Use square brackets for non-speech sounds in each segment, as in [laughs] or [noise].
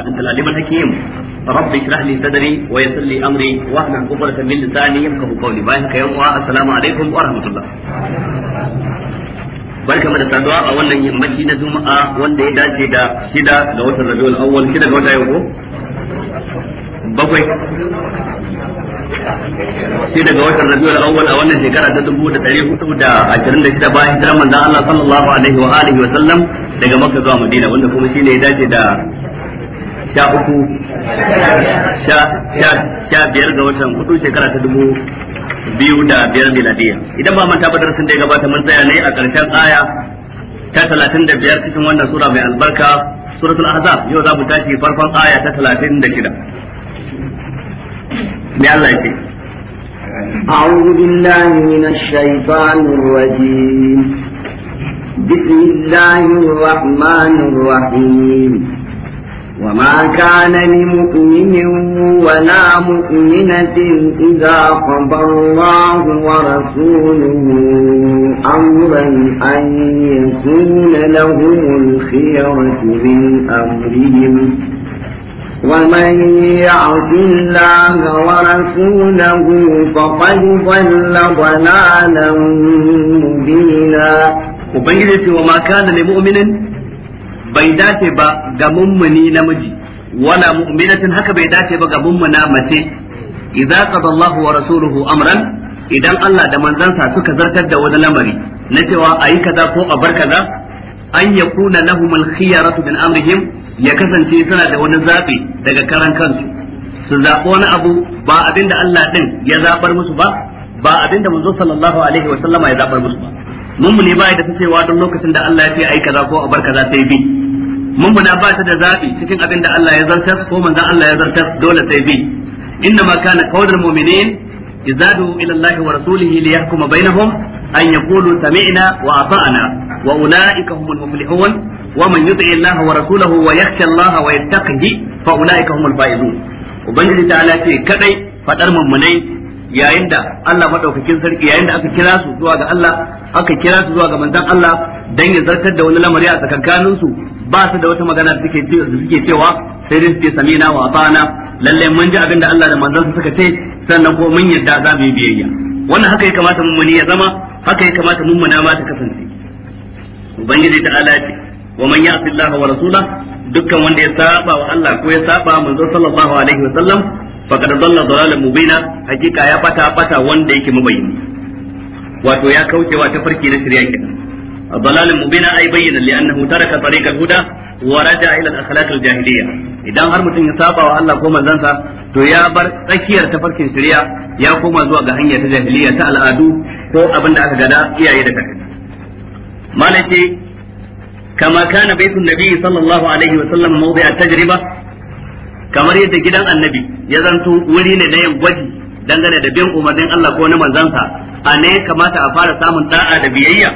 أنت العليم الحكيم رب اشرح لي صدري ويسر لي أمري واحلل عقدة من لساني يفقه قولي بايعك يوم السلام عليكم ورحمة الله barka mu da saduwa a wannan yammaci na juma'a wanda ya dace da shida ga watan rabiul awwal shida ga watan yau bakwai shida ga watan rabiul awwal a wannan shekara ta dubu da ɗari hudu da ashirin da shida bayan hijirar manzon Allah sallallahu alaihi wa alihi wa sallam daga Makka zuwa Madina wanda kuma shine ya dace da sha uku sha biyar ga watan hudu shekara ta dubu biyu da biyar miladiya idan ba manta ba darasin da ya gabata mun tsaya ne a ƙarshen aya ta talatin da biyar cikin wannan sura mai albarka suratul ahzab yau za mu tashi farkon aya ta talatin da shida me Allah ya ce أعوذ بالله من الشيطان الرجيم بسم الله الرحمن الرحيم وما كان لمؤمن ولا مؤمنة إذا قضى الله ورسوله أمرا أن يكون لهم الخيرة من أمرهم ومن يعص الله ورسوله فقد ضل ضلالا مبينا وبين وما كان لمؤمن bai dace ba ga mummuni namiji wala mu'minatin haka bai dace ba ga mummuna mace idza qada Allahu wa rasuluhu amran idan Allah da manzansa suka zartar da wani lamari na cewa ayi kaza ko a bar kaza an yakuna lahum al-khiyaratu min amrihim ya kasance suna da wani zabi daga karan kansu su zaɓi wani abu ba abinda Allah din ya zabar musu ba ba abinda manzo sallallahu alaihi wa sallama ya zabar musu ba mummuni ba ya da cewa don lokacin da Allah ya ce ayi kaza ko a bar kaza sai bi mummuna ba ta da zabi cikin abin da Allah ya zartar ko manzon Allah ya zartar dole sai bi inna ma kana qawlul mu'minin izadu ila Allah wa rasulihi li yahkuma bainahum an yaqulu sami'na wa ata'na wa ulaika humul muflihun wa man yuti Allah wa rasulahu wa yakhsha Allah wa yattaqihi fa ulaika humul faizun ubangiji ta'ala ce kadai fadar mummunai yayin da Allah madaukakin sarki yayin da aka kira su zuwa ga Allah aka kira su zuwa ga manzon Allah dan ya zartar da wani lamari a tsakankanin su ba su da wata magana da suke cewa sai dai suke samina wa atana lalle mun ji abin da Allah da manzon suka ce sannan ko mun yarda za mu yi biyayya wannan haka ya kamata mun ya zama haka ya kamata mun mana ma ta kasance ubangiji ta ala ce wa man ya'ti Allah wa rasulahu dukkan wanda ya saba wa Allah ko ya saba manzon sallallahu alaihi wa sallam faqad dalla dalalan mubina hakika ya fata fata wanda yake mubayyin wato ya kaucewa ta farki na shirya kenan dalalan mubina ai bayyana li annahu taraka tariqal huda wa raja'a ila al-akhlaq al-jahiliyya idan har mutum ya saba wa Allah ko manzansa to ya bar tsakiyar tafarkin shirya ya koma zuwa ga hanyar ta jahiliya ta al'adu ko abin da aka gada iyaye da kakanni malaki kama kana baitun nabi sallallahu alaihi wa sallam mawdi'a tajriba kamar yadda gidan annabi ya zanto wuri ne na yin gwaji dangane da bin umarnin Allah ko na manzansa a ne kamata a fara samun da'a da biyayya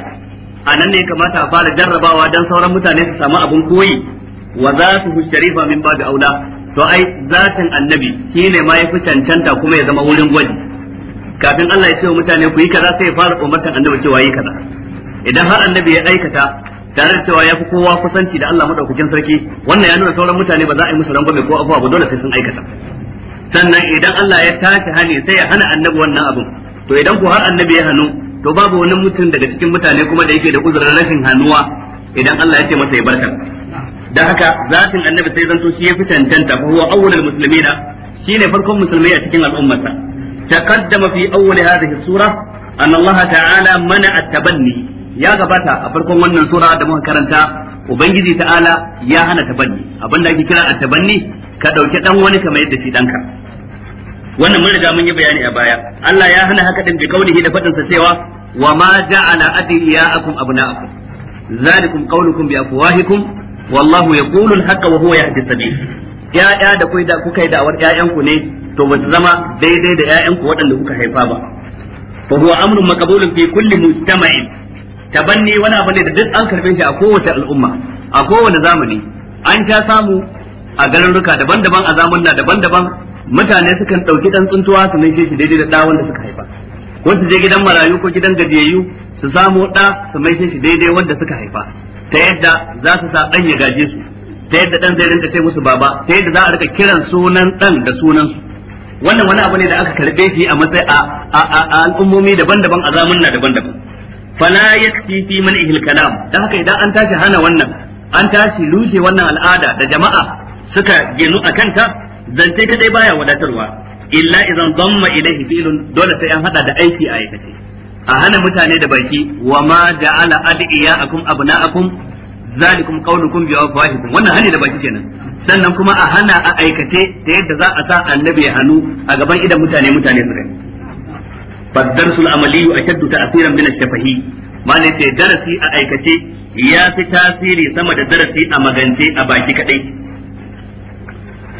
a nan ne kamata a fara jarrabawa don sauran mutane su samu abin koyi wa za zatuhu sharifa min babu aula to ai zatin annabi shi ne ma ya fi cancanta kuma ya zama wurin gwaji kafin Allah ya ce wa mutane ku yi kaza sai ya fara umartan annabi cewa yi kaza idan har annabi ya aikata tare da cewa ya fi kowa kusanci da Allah madaukakin sarki wannan ya nuna sauran mutane ba za a yi musu rangwame ko abuwa ba dole sai sun aikata sannan idan Allah ya tashi hani sai ya hana annabi wannan abin to idan ku har annabi ya hannu to babu wani mutum daga cikin mutane kuma da yake da uzurin rashin hanuwa idan Allah ya ce masa ya barka Da haka zatin annabi sai zanto shi ya fi tantanta fa huwa awwalul muslimina shine farkon musulmai a cikin al'ummarsa taqaddama fi awwal hadhihi sura an Allah ta'ala mana at-tabanni ya gabata a farkon wannan sura da muka karanta ubangiji ta'ala ya hana tabanni abinda ake kira a tabanni ka dauki dan wani kamar yadda shi danka wannan mun riga mun yi bayani a baya Allah ya hana haka din bi kaulihi da fadin sa cewa wa ma ja'ala adiyaakum abnaakum zalikum qawlukum bi afwahikum wallahu yaqulu al-haqqa wa huwa yahdi sabil ya'ya da kai da kuka yi da'awar 'ya'yanku ne to ba su zama daidai da 'ya'yanku waɗanda kuka haifa ba fa huwa amrun maqbulun fi kulli mujtama'in tabanni wani abu ne da duk an karbe shi a kowace al'umma a kowane zamani an ta samu a garuruka daban-daban a zamanna daban-daban mutane sukan ɗauki ɗan tsuntuwa su maishe shi daidai da ɗa wanda suka haifa ko su je gidan marayu ko gidan gajiyayyu su samo ɗa su mai shi daidai wanda suka haifa ta yadda za su sa ɗan ya gaje su ta yadda ɗan zai rinka ce musu baba ta yadda za a rika kiran sunan ɗan da sunan su wannan wani abu ne da aka karɓe shi a matsayi a al'ummomi daban-daban a zamanna daban-daban fala yakfi fi man'ihi al haka idan an tashi hana wannan an tashi rushe wannan al'ada da jama'a suka genu a kanta zance kadai baya wadatarwa illa idan damma ilaihi fi'lun dole sai an hada da aiki a aikace a hana mutane da baki wa ma ja'ala adiyakum abna'akum zalikum wannan da baki kenan sannan kuma a hana a aikace ta yadda za a sa annabi ya hannu a gaban idan mutane mutane su gani فالدرس العملي أشد تأثيرا من الشفهي ما ليس درسي أأيكتي يا في تأثيري سمد درسي أمغنتي أباكي كتي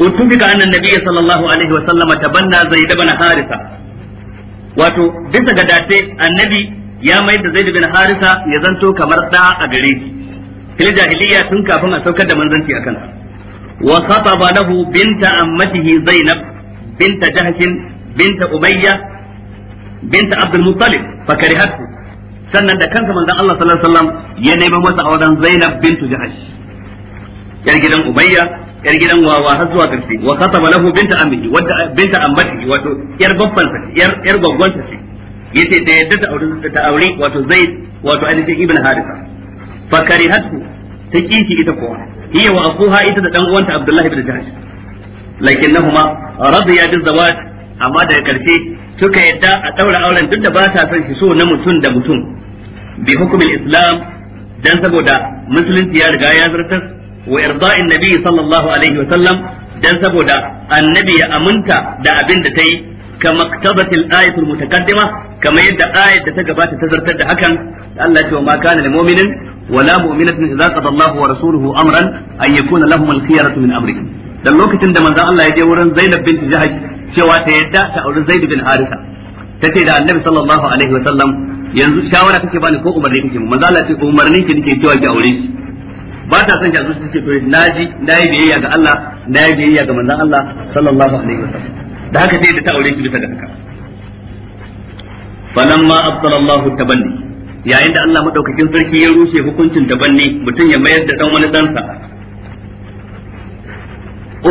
وتفق أن النبي صلى الله عليه وسلم تبنى زيد بن حارثة wato bisa ga dace annabi ya mai da zaid bin harisa ya zanto kamar da a gare shi fil jahiliya tun kafin a saukar da manzanci akan wa khataba lahu binta ammatihi zainab binta jahsh binta umayya binta Abdul Muttalib fakarihatu sannan da kansa manzon Allah sallallahu alaihi wasallam ya nemi masa auren Zainab bintu Jahash yar gidan Ubayya yar gidan wawa har zuwa karshe wa kataba lahu binta ammihi wadda binta ammati wato yar babban sa yar yar gaggon sa yace da yadda ta aure ta aure wato Zaid wato Alifin ibn Haritha fakarihatu ta kishi ita kowa hiya wa abuha ita da dan uwanta Abdullah ibn Jahash lakinnahuma radiya bil zawaj amma daga karshe suka yadda a daura auren duk da ba sa son shi so na mutum da mutum bi hukumin islam dan saboda musulunci ya riga ya zartar wa irda'in nabi sallallahu alaihi wa sallam dan saboda annabi ya aminta da abin da ta yi kama ayatul mutaqaddima kamar yadda ayat da ta gabata ta zartar da hakan Allah ya ce wa ma kana lil mu'minin ولا مؤمنة إذا wa rasuluhu amran an yakuna يكون لهم الخيرة من أمرهم dan lokacin da manzon Allah ya je wurin Zainab bint Jahash cewa ta yadda ta auri Zaid bin Haritha tace da Annabi sallallahu alaihi wa sallam yanzu shawara kake bani ko umarni kake manzon Allah ce umarni ki nake cewa ki aure shi ba ta son jazu take to naji nayi biyayya ga Allah nayi biyayya ga manzon Allah sallallahu alaihi wa sallam da haka sai da ta aure shi bisa ga haka falamma abtala Allah tabanni yayin da Allah madaukakin sarki ya rushe hukuncin tabanni mutum ya mayar da dan wani dansa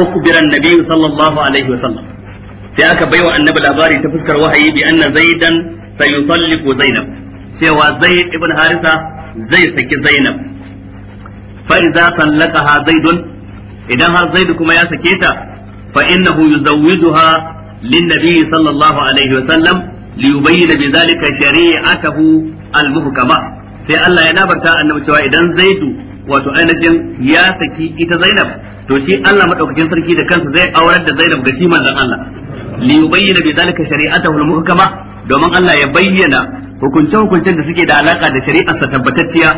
ukbira annabi sallallahu alaihi wasallam sai aka baiwa annabi labari ta fuskar wahayi bi anna zaidan sayusalliqu zainab cewa zaid ibn harisa zai saki zainab fa idza sallaqaha zaidun idan har zaid kuma ya sake ta fa innahu yuzawwijuha linnabi sallallahu alaihi wasallam liyubayyana bidhalika shari'atahu al-muhkama sai Allah ya nabarta annabi cewa idan zaidu wato ainihin ya saki ita zainab to shi Allah madaukakin sarki da kansa zai aurar da Zainab ga shi manzon Allah li yubayyana bi zalika shari'atahu al-muhkama domin Allah ya bayyana hukunce hukuncen da suke da alaka da shari'ar sa tabbatacciya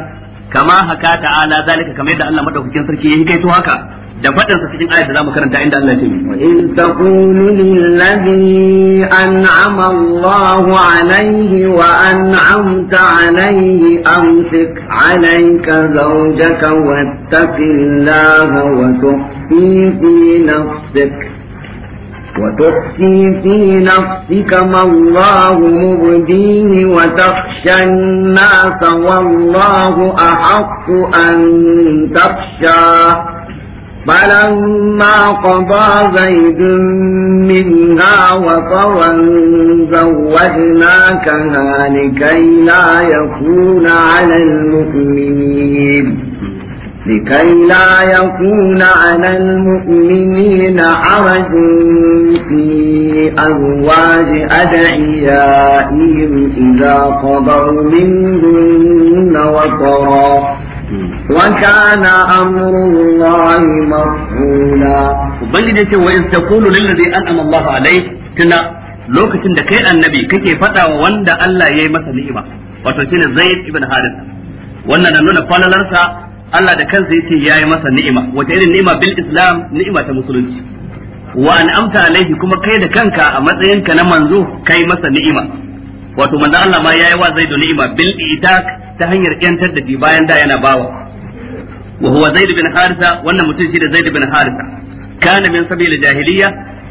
kama haka ta'ala zalika kamar yadda Allah madaukakin sarki ya to haka da faɗinsa cikin ayat da zamu karanta inda Allah ya ce wa in taqulu lillazi an'ama Allahu alayhi wa an'amta alayhi amsik alayka zawjaka wattaqillaha wa tukhfi fi nafsika وتخفي في نفسك ما الله مبديه وتخشى الناس والله أحق أن تخشاه فلما قضى زيد منها وطرا زوجناكها لكي لا يكون على المؤمنين لكي لا يكون على المؤمنين حرج في أزواج أدعيائهم إذا قضوا منهن وطرا وكان أمر الله مفعولا ubangiji ce wa in taqulu lil ladzi an'ama Allah alayh tuna lokacin da kai annabi kake faɗawa wa wanda Allah yayi masa ni'ima wato shine Zaid ibn Harith wannan na nuna falalarsa Allah da kansa yace yayi masa ni'ima wata irin ni'ima bil Islam ni'ima ta musulunci wa an'amta alayhi kuma kai da kanka a matsayinka na manzo kai masa ni'ima wato manzo Allah ma yayi wa Zaid ni'ima bil ta hanyar yantar da bayan da yana bawa wa huwa bin harisa wannan mutum shi da zaid bin harisa kanabin min sabil jahiliya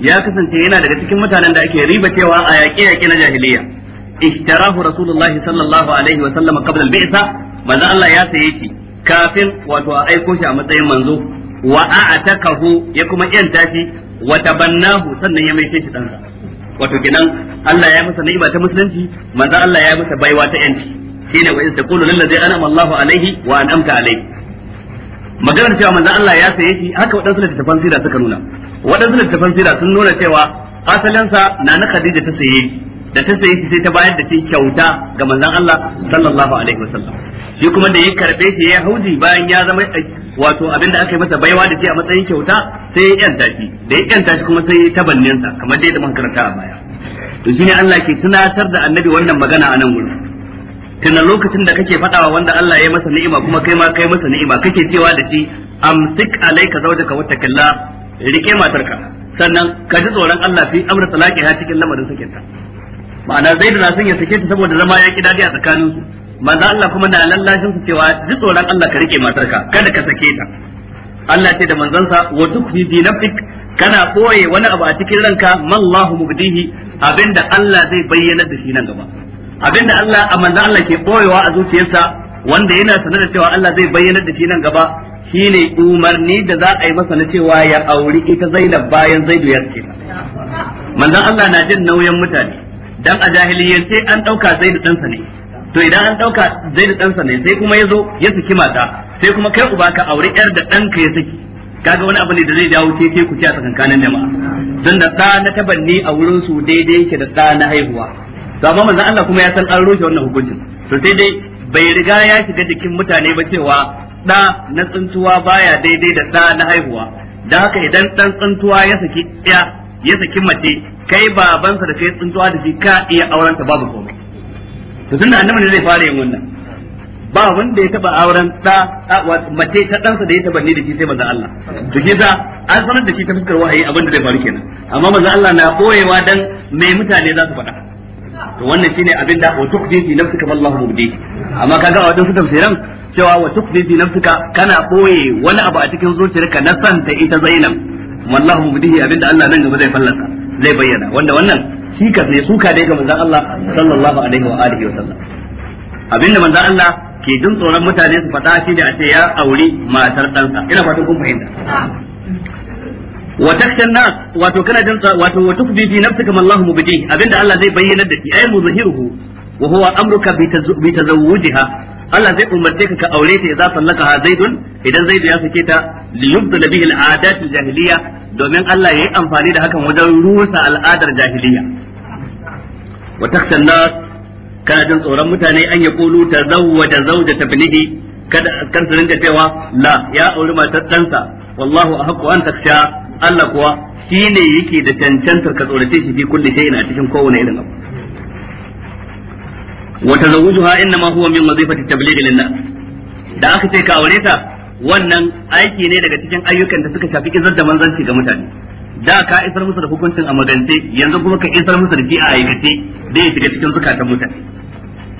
ya kasance yana daga cikin mutanen da ake riba cewa a yaƙe yaƙe na jahiliya ishtarahu rasulullah sallallahu alaihi wa sallam qabla al-bi'sa Allah ya saye shi kafin wato a aiko shi a matsayin manzo wa a'takahu ya kuma yanta shi wa tabannahu sannan ya mai shi dan wato kenan Allah ya masa ni'ima ta musulunci manzo Allah ya masa baiwa ta yanci shine wa in taqulu lalla zai anama Allahu alaihi wa an'amta alaihi maganar cewa manzon Allah ya saye shi haka waɗansu tafan sira suka nuna waɗansu tafan sira sun nuna cewa asalinsa na na Khadija ta saye da ta saye shi sai ta bayar da shi kyauta ga manzon Allah sallallahu alaihi wasallam shi kuma da ya karbe shi ya hauji bayan ya zama eh, wato abin da aka yi masa baiwa da shi a matsayin kyauta sai ya yanta shi da ya yanta shi kuma sai ya sa kamar dai da muka karanta a baya to shine Allah ke tunatar da annabi wannan magana a nan gurin tunan lokacin da kake fadawa wanda Allah ya masa ni'ima kuma kai ma kai masa ni'ima kake cewa da shi amsik alayka zawjaka takalla rike matarka sannan ka ji tsoron Allah fi amra amr ha cikin lamarin ta ma'ana zaidu na son ya sake ta saboda zama ya ki dadi a tsakanin su manzo Allah kuma na lallashin su cewa ji tsoron Allah ka rike matarka kada ka sake ta Allah ce da sa wa tukfi bi nafsik kana boye wani abu a cikin ranka mallahu mubdihi abinda Allah zai bayyana da shi nan gaba abinda Allah a manzan Allah ke boyewa a zuciyarsa wanda yana sanar da cewa Allah zai bayyana da shi nan gaba shine umarni da za a yi masa na cewa ya auri ita Zainab bayan Zaidu ya ce manzan Allah na jin nauyin mutane dan a jahiliyyar sai an dauka Zaidu ɗansa ne to idan an dauka Zaidu ɗansa ne sai kuma ya zo ya saki mata sai kuma kai uba ka auri yar da ka ya saki kaga wani abu ne da zai dawo keke ku ci a tsakankanin jama'a don da ɗa na tabanni a wurin su daidai yake da ɗa na haihuwa to amma manzon Allah kuma ya san an rushe wannan hukuncin to sai dai bai riga ya shiga jikin mutane ba cewa da na tsuntuwa baya daidai da da na haihuwa dan haka idan dan tsuntuwa ya saki ya ya saki mace kai babansa da kai tsuntuwa da shi ka iya auren ta babu komai to da annabi ne zai fara yin wannan ba wanda ya taba auren da mace ta dansa da ya taba ni da shi sai manzon Allah to ke da an sanar da shi ta fuskar wahayi abinda da zai faru kenan amma manzon Allah na koyewa dan me mutane za su faɗa to wannan shine abin da wa tuqdi fi nafsika ma Allahu mubdi amma kaga a wadansu tafsiran cewa wa tuqdi fi nafsika kana boye wani abu a cikin zuciyarka na santa ita Zainab wallahu mubdihi abin da Allah nan gaba zai fallasa zai bayyana wanda wannan shi ka sai suka dai ga manzon Allah sallallahu alaihi wa alihi wa sallam abin da manzon Allah ke jin tsoron mutane su faɗa shi da a ce ya auri matar ɗansa ina fatan kun fahimta wa takhshan nas wato kana jin wato wa tukhfi fi nafsika ma Allahu mubdi abinda Allah zai bayyana da shi ay muzahiruhu wa huwa amruka bi tazawwujiha Allah zai umarce ka ka aure ta idza sallaka zaidun idan zaidu ya sake ta li yubdil bihi al'adat al-jahiliya domin Allah ya yi amfani da hakan wajen rusa al'adar jahiliya wa takhshan nas kana jin tsoron mutane an ya kulu tazawwaja zawjata ibnihi kada kan su rinka cewa la ya auri mata ɗansa wallahu ahqqu an taksha Allah kuwa shi ne yake da cancantar ka tsorace shi fi kulli shay'in a cikin kowane irin abu wa tazawwujuha innama huwa min wazifati tabligh lin-nas da aka ce ka aure ta wannan aiki ne daga cikin ayyukan da suka shafi izar da manzanci ga mutane da ka isar musu da hukuncin a magance yanzu kuma ka isar musu da shi a aikace da ya shiga cikin zukata mutane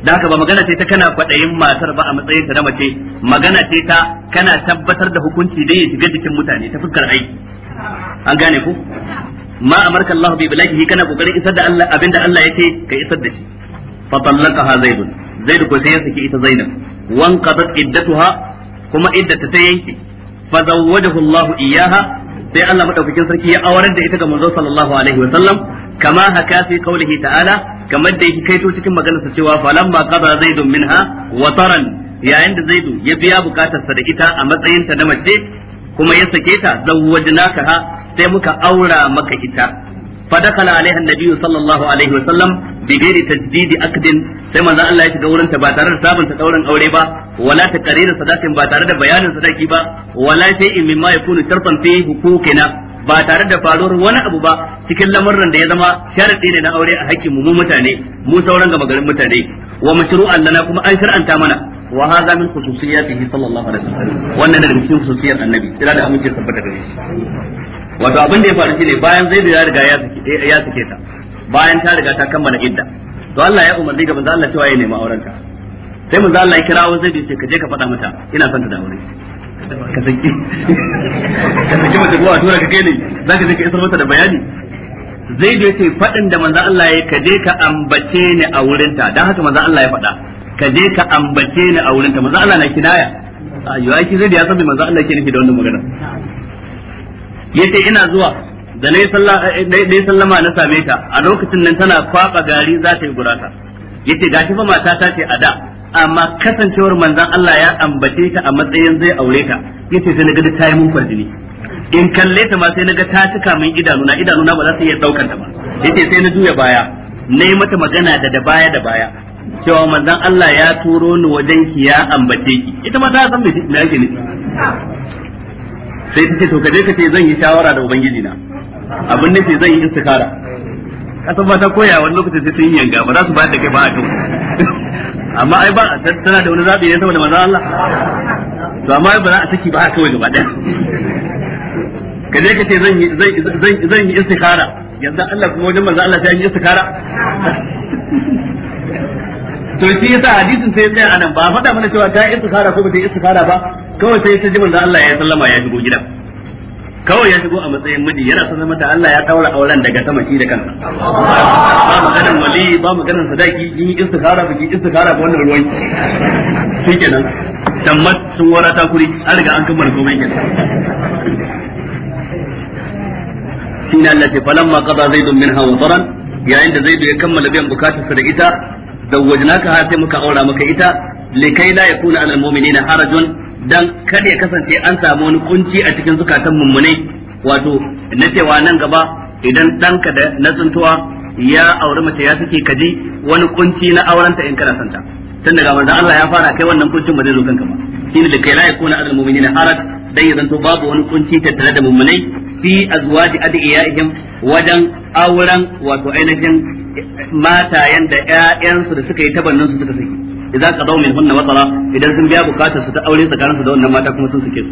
da haka ba magana ce ta kana kwaɗayin matar ba a matsayin ta na mace magana ce ta kana tabbatar da hukunci da ya shiga cikin mutane ta fuskar aiki an gane ku ma amarka Allah bi bilahi kana kokarin isar da Allah abinda Allah yake ka isar da shi fa tallaqaha zaid zaid ko sai ya saki ita zainab wan qadat iddatuha kuma iddata ta yanke fa zawwajahu Allah iyaha sai Allah madaukakin sarki ya aurar da ita ga manzo sallallahu alaihi wa sallam kama haka fi qaulihi ta'ala kamar da yake kaito cikin maganarsa cewa falamma qada zaidun minha wa taran yayin da zaidu ya biya bukatarsa da ita a ta na mace kuma ya sake ta zawwajnaka ha sai muka aura maka ita fa dakala alaiha annabiyyu sallallahu alaihi wa sallam bi ghairi tajdidi aqdin sai manzo Allah ya shiga wurin ta ba tare da sabunta daurin aure ba wala ta karira sadakin ba tare da bayanin sadaki ba wala in mimma yakunu sharfan fi hukukina ba tare da faruwar wani abu ba cikin lamarin da ya zama sharadi ne na aure a hakkin mu mutane mu sauran gama garin mutane wa mashru'an lana kuma an shar'anta mana wa hadha min khususiyatihi sallallahu alaihi wasallam wannan da cikin khususiyar annabi ila da amince tabbata gare shi wato abin da ya faru shine bayan zaidu ya riga ya sake ta bayan ta riga ta kammala idda to Allah ya umarni ga manzo Allah cewa ya nemi aurenta sai manzo Allah ya kirawo zai sai ka je ka faɗa mata ina son ta da aure ka saki ka saki mata kuma tura ka kai ne zaka je ka isar mata da bayani Zai ya ce faɗin da manzo Allah ya kaje ka ambace ni a wurinta dan haka manzo Allah ya faɗa ka je ka ambace ni a wurinta manzo Allah na kinaya ayo ai zai da ya manzo Allah ke nufi da wannan magana yace ina zuwa da nayi sallah eh, dai sallama na same ta a lokacin nan tana kwaba gari za ta yi gurata yace gashi fa mata ta ce a da amma kasancewar manzon Allah ya ambace ta a matsayin zai aure ta yace sai naga ta yi mun kwarjini in kalle ta ma sai naga ta cika min idanuna idanuna ba za su iya ta ba yace sai na juya baya nayi mata magana da da baya da baya cewa manzon Allah ya turo ni wajen ki ya ambace ki ita ma ta san me me yake ne sai ta to kaje ka ce zan yi shawara da ubangiji na abin ke zan yi istikara kasan ba ta koya wani lokacin sai sun yi yanga ba za su bayar da kai ba a duk amma ai ba tana da wani zabi ne saboda manzon Allah to amma ba za a saki ba kawai gaba ɗaya kaje ka ce zan yi zan zan yi istikara yanzu Allah kuma wajen manzon Allah sai yi istikara to shi yasa hadisin sai tsaya anan ba faɗa mana cewa ta istikhara ko ba ta istikhara ba kawai sai ta ji manzo Allah ya sallama ya shigo gidan kawai ya shigo a matsayin miji yana son zama da Allah ya taura auren daga sama shi da kansa ba mu ganin wali ba mu ganin sadaki yi istikhara ba ki istikhara ba wannan ruwan kenan tammat sun wara ta kuri an riga an kammala komai kenan shine Allah ce falamma qada zaidun minha wa taran yayin da zaidu ya kammala biyan bukatarsa da ita zawwajnaka ha sai muka aura maka ita likai la yakuna alal mu'minina harajun dan kada ya kasance an samu wani kunci a cikin zukatan mummune. wato na cewa nan gaba idan danka da na tsuntuwa ya auri mace ya suke kaji wani kunci na aurenta in kana santa tun daga manzon Allah ya fara kai wannan kuncin ba zai zo kanka ba shine likai la yakuna alal mu'minina haraj dan ya zanto babu wani kunci tattare da mummune fi azwaji adiyaihim wajen auren wato ainihin matayen da ƴaƴansu da suka yi tabannin su suka saki idan ka zau min hunna matsala idan sun biya bukatar su ta aure su da wannan mata kuma sun suke su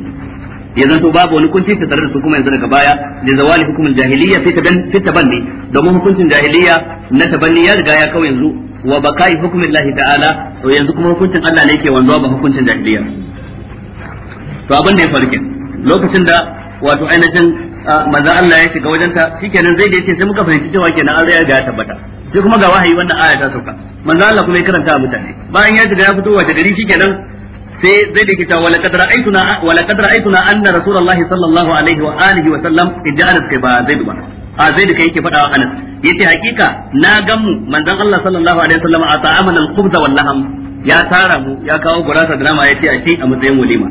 ya zanto babu wani kunci ta tare da su kuma yanzu daga baya da zawali hukumin jahiliya fi taban fi tabanni domin hukuncin jahiliya na tabanni ya riga ya kawai yanzu wa bakai hukumin lahi ta'ala to yanzu kuma hukuncin Allah ne yake wanzuwa ba hukuncin jahiliya to abin da ya farke lokacin da wato ainihin ah, maza Allah ya shiga wajenta shikenan zai da yake sai muka fahimci cewa kenan an riga ya tabbata sai kuma ga wahayi wannan aya ta sauka manzo Allah kuma ya karanta a mutane bayan ya shiga ya fito wace gari shikenan sai zai dake ta wala kadra aituna wala kadra aituna anna rasulullahi sallallahu alaihi wa alihi wa sallam idda anas kai ba zai duba a zai kai yake fada anas yace hakika na gamu manzon Allah sallallahu alaihi wa sallam a ta'amana al-khubza wal laham ya tara mu ya kawo gurasa da nama yace a ce a matsayin walima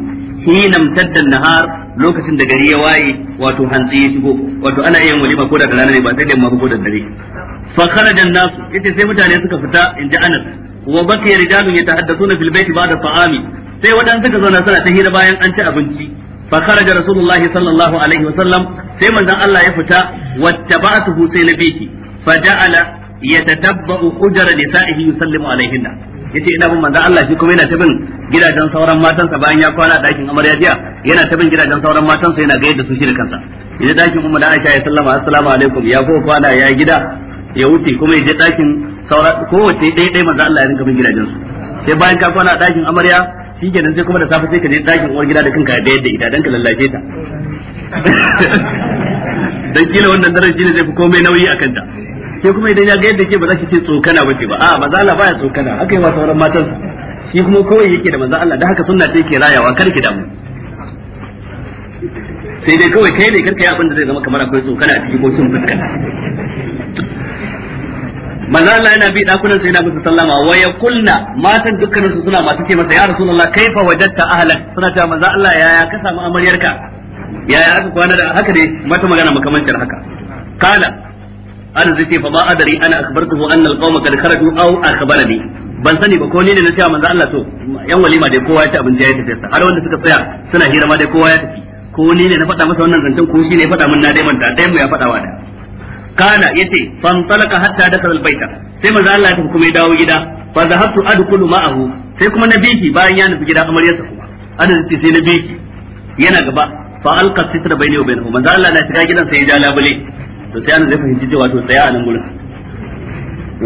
hina mtadda nahar lokacin da gari ya waye wato hantsi ya shigo wato ana yin walima ko da rana ne ba sai da yamma ko da dare fa kharaja an-nas yace sai mutane suka fita inda Anas wa baqiya rijalun yatahaddathuna fil bayt ba'da ta'ami sai waɗansu suka zauna suna ta hira bayan an ci abinci fa kharaja rasulullah sallallahu alaihi wasallam sai manzon Allah ya fita wattaba'tuhu sai nabiki fa ja'ala yatatabba'u ujra nisa'ihi yusallimu alaihinna yace ina bin manzon Allah shi kuma yana ta gidajen sauran matan sa bayan ya kwana dakin amarya jiya yana ta gidajen sauran matan sa yana ga yadda su shi da kansa idan dakin umma da Aisha ya sallama assalamu alaikum ya ko kwana ya gida ya wuce kuma ya je ɗakin saura kowace ɗaya ɗaya manzo Allah ya rinka bin gidajen su sai bayan ka kwana a ɗakin amarya shi kenan sai kuma da safe sai ka je ɗakin uwar gida da kanka da yadda ita dan ka lallace ta [laughs] dan kila wannan daren ne zai fi komai nauyi a ta sai kuma idan ya ga yadda ke ba za ki ce tsokana ba ce ba a manzo Allah baya tsokana haka yawa sauran matan shi kuma kawai yake da manzo Allah da haka sunna ce yake rayawa kar ki damu sai dai kawai kai ne karka yi abin da zai zama kamar akwai tsokana a cikin ko sun fuskar manzo Allah yana bi dakunan sa yana musu sallama wa yaqulna matan dukkanin su suna masu ce masa ya rasulullah kaifa wajadta ahlan suna ta manzo Allah yaya ka samu amaryarka yaya aka kwana da haka dai mata magana makamancin haka kala ana zai ce fa ba adari ana akhbartuhu anna alqawma qad kharaju aw akhbarani ban sani ba ko ni ne na cewa manzo Allah to yan walima dai kowa ya ci abinci ya tafi sa har wanda suka tsaya suna hira ma dai kowa ya tafi ko ni ne na faɗa masa wannan zancen ko shi ne ya faɗa min na dai manta dai mu ya faɗa wa da kana yace fantalaka hatta dakal albayta sai manzo Allah ya tafi kuma ya dawo gida fa zahabtu adkhulu ma'ahu sai kuma na biki bayan ya nufi gida amaryarsa kuma anan sai sai na biki yana gaba fa alqa sitra bayni wa bainahu manzo Allah na shiga gidan sai ya ja labule to sai anan zai fahimci cewa to tsaya a nan gurin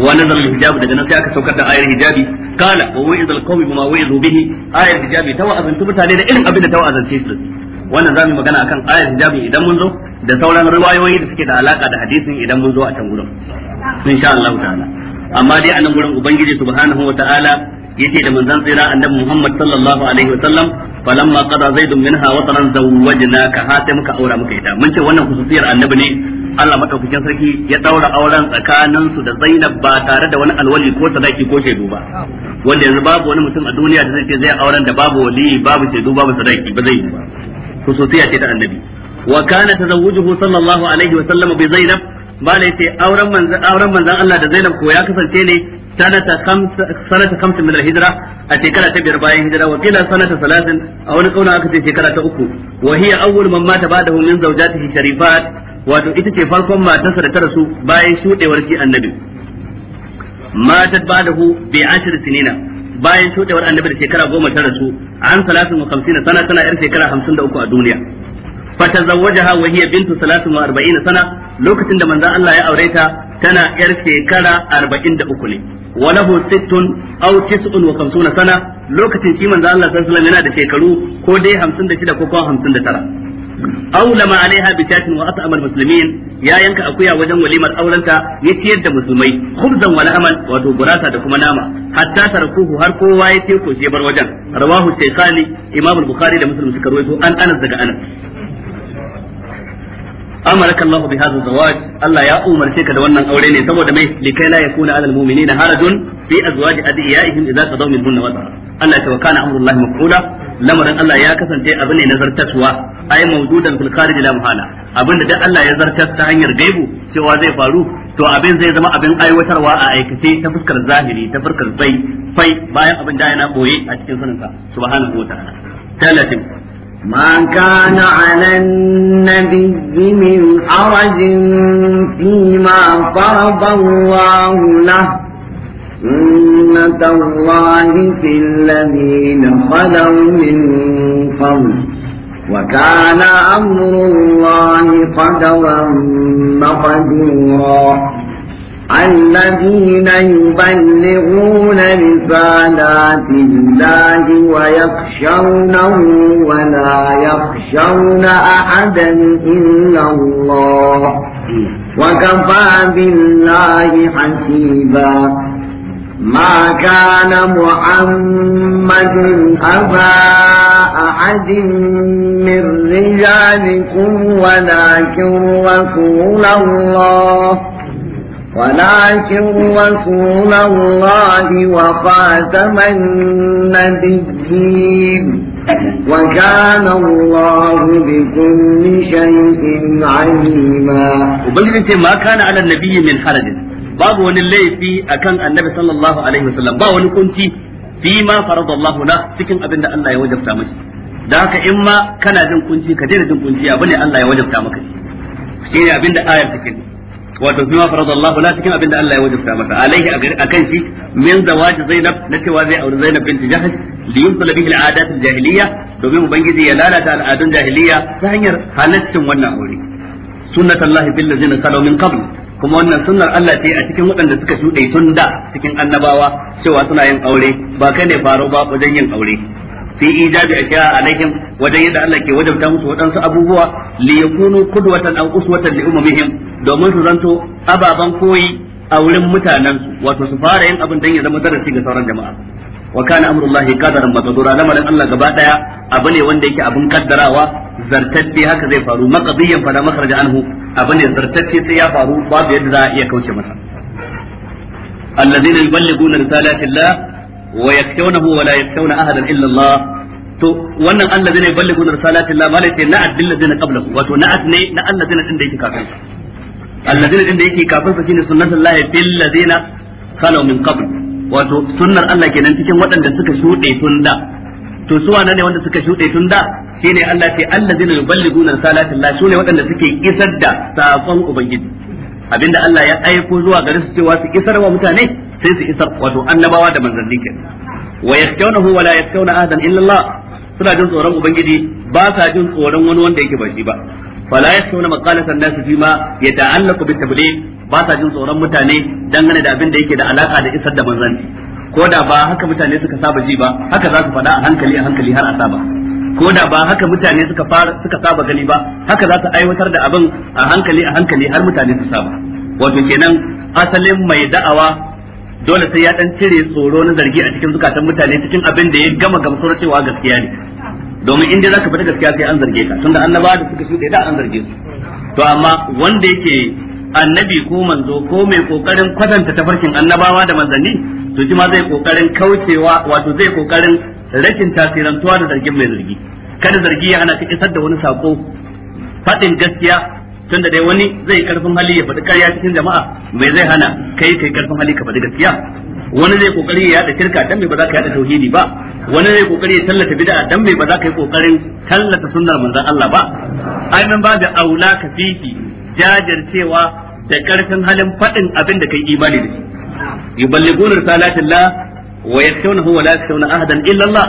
wa nazala alhijab daga nan sai aka saukar da ayar hijabi kala wa ayar hijabi tawa'azantu mutane da irin abin da tawa'azance su wannan mu magana akan ayar hijabi idan mun zo da sauran riwayoyi da suke da alaka da hadisin idan mun zo a can gurin insha Allah ta'ala amma dai a nan gurin ubangiji subhanahu wa ta'ala yace da manzon tsira annabi Muhammad sallallahu alaihi wa sallam falamma qada zaidun minha wataran zawwajnaka ha sai muka aura muka ita mun ce wannan khususiyar annabi ne Allah madaukakin sarki ya daura auren tsakanin su da Zainab ba tare da wani alwali ko sadaki ko shaidu ba wanda yanzu babu wani mutum a duniya da zai ce zai auren da babu wali babu shaidu babu sadaki ba zai yi ba khususiyya ce ta annabi wa kana tazawwujuhu sallallahu alaihi wa sallam bi zainab ba la auren manzan Allah da zainab ko ya kasance ne sanata khams sanata khams min al a shekara ta bayan hijira wa kila sanata salatin a wani kauna aka ce shekara ta uku wa hiya awwal man mata ba'dahu min zawjatihi sharifat wato ita ce farkon matarsa da ta rasu bayan shudewar shi annabi matat ba'dahu bi ashr sinina bayan shudewar annabi da shekara goma ta rasu an salatin wa hamsin sana tana yar shekara hamsin da uku a duniya fatazawwajaha wa hiya bintu salatin wa arba'in sana lokacin da manzo Allah ya aure ta tana yar shekara arba'in da uku ne wa lahu sittun aw tis'un wa khamsuna sana lokacin shi manzo Allah sallallahu alaihi wasallam yana da shekaru ko dai hamsin da shida ko kuma hamsin da tara aulama alaiha bi tatin wa at'ama almuslimin ya yanka akuya wajen walimar aurenta ya ciyar da musulmai khubzan wa lahman wato gurasa da kuma nama hatta sarkuhu har kowa ya ce ko bar wajen rawahu shaykhani imam al-bukhari da muslim suka rawaito an anas daga anas amaraka Allah bi Allah ya umarce ka da wannan aure ne saboda mai likai la yakuna alal mu'minina harajun fi azwaj adiyaihim idza qadaw min hunna wa Allah ta wakana amrullah maf'ula lamarin Allah ya kasance abin ne nazartaswa ai mawjudan fil kharij la muhala abinda da Allah ya zartar ta hanyar gaibu cewa zai faru to abin zai zama abin aiwatarwa a aikace ta fuskar zahiri ta fuskar bai fai bayan abin da yana boye a cikin saninsa subhanahu wa ta'ala ما كان على النبي من حرج فيما فرض الله له سنة الله في الذين خلوا من قبل وكان أمر الله قدرا مقدورا الذين يبلغون رسالات الله ويخشونه ولا يخشون أحدا إلا الله وكفى بالله حسيبا ما كان محمد أبا أحد من رجالكم ولكن رسول الله ولكن رسول الله وخاتم النبيين وكان الله بكل شيء عليما وبنجد ما كان على النبي من حرج باب ون في أكان النبي صلى الله عليه وسلم باب ون كنت فيما فرض الله له سكن أبن الله يوجب تامش ذاك إما كان جن كنت كدير جن كنت أبن الله يوجب تامك شيء أبن آية تكني wato bima farada Allah la cikin abinda Allah ya wajabta masa alaihi kan shi min zawaji Zainab na cewa zai aure Zainab bin Jihar. li yusla bihi al'adat al-jahiliya domin ubangiji ya lalata al'adun jahiliya ta hanyar halaccin wannan aure Allah fil ladzina khalu min qabl kuma wannan sunnar Allah ce a cikin waɗanda suka shuɗe tun da cikin annabawa cewa suna yin aure ba kai ne faro ba wajen yin aure fi ijabi ashiya alaihim wajen yadda Allah ke wajabta musu waɗansu abubuwa li yakunu qudwatan aw uswatan li umamihim domin su zanto ababan koyi a wurin mutanen wato su fara yin abin dan ya zama darasi ga sauran jama'a wa kana amrullahi qadaran maqdura lamarin Allah gaba daya abu ne wanda yake abin kaddarawa zartacce haka zai faru maqdiyan fa da makhraja anhu abu ne zartacce sai ya faru babu yadda za a iya kauce masa alladhina yuballighuna risalati Allah wa yaktawnahu wa la yaktawna ahadan illa Allah to wannan allazina yuballighuna risalati la malai sai na'at bil na qabla wato na'at ne na allazina din da yake kafin sa allazina din da yake kafin sa shine sunnatullahi bil ladina khalu min qabl wato sunnar Allah kenan cikin waɗanda suka shuɗe tun da to su wane ne wanda suka shuɗe tun da shine Allah sai allazina yuballighuna risalati la sune waɗanda suke isar da sakon ubangiji abinda Allah ya aiko zuwa gare su cewa su isar wa mutane sai su isar wato annabawa da manzanni kenan wa yaskawnahu wa la ahadan illa Allah suna jin tsoron ubangiji ba sa jin tsoron wani wanda yake ba shi ba fala yaskawna maqalatan nas fi ma yata'allaqu ta tabliq ba sa jin tsoron mutane dangane da abin da yake da alaka da isar da manzanni ko da ba haka mutane suka saba ji ba haka za su faɗa a hankali a hankali har a saba ko da ba haka mutane suka fara suka saba gani ba haka za su aiwatar da abin a hankali a hankali har mutane su saba wato kenan asalin mai da'awa dole sai ya dan cire tsoro na zargi a cikin zukatan mutane cikin abin da ya gama gamsuwar cewa gaskiya ne domin in dai zaka fita gaskiya sai an zarge ka tunda annabawa da suka shuɗe da an zarge su to amma wanda yake annabi ko manzo ko mai kokarin kwatanta tafarkin annabawa da manzanni to shi ma zai kokarin kaucewa wato zai kokarin rashin tasirantuwa da zargin mai zargi kada zargi ya ana cikin sadda da wani sako faɗin gaskiya tun da dai wani zai karfin hali ya faɗi karya cikin jama'a mai zai hana kai kai karfin hali ka faɗi gaskiya wani zai kokari ya yada shirka dan mai ba za ka yada tauhidi ba wani zai kokari ya tallata bid'a dan mai ba za ka yi kokarin tallata sunnar manzon Allah ba ai man ba da aula ka fifi jajircewa da karfin halin faɗin abin da kai imani da shi yuballiguna risalatillah wa yaktawnahu wa la yaktawna ahadan illa Allah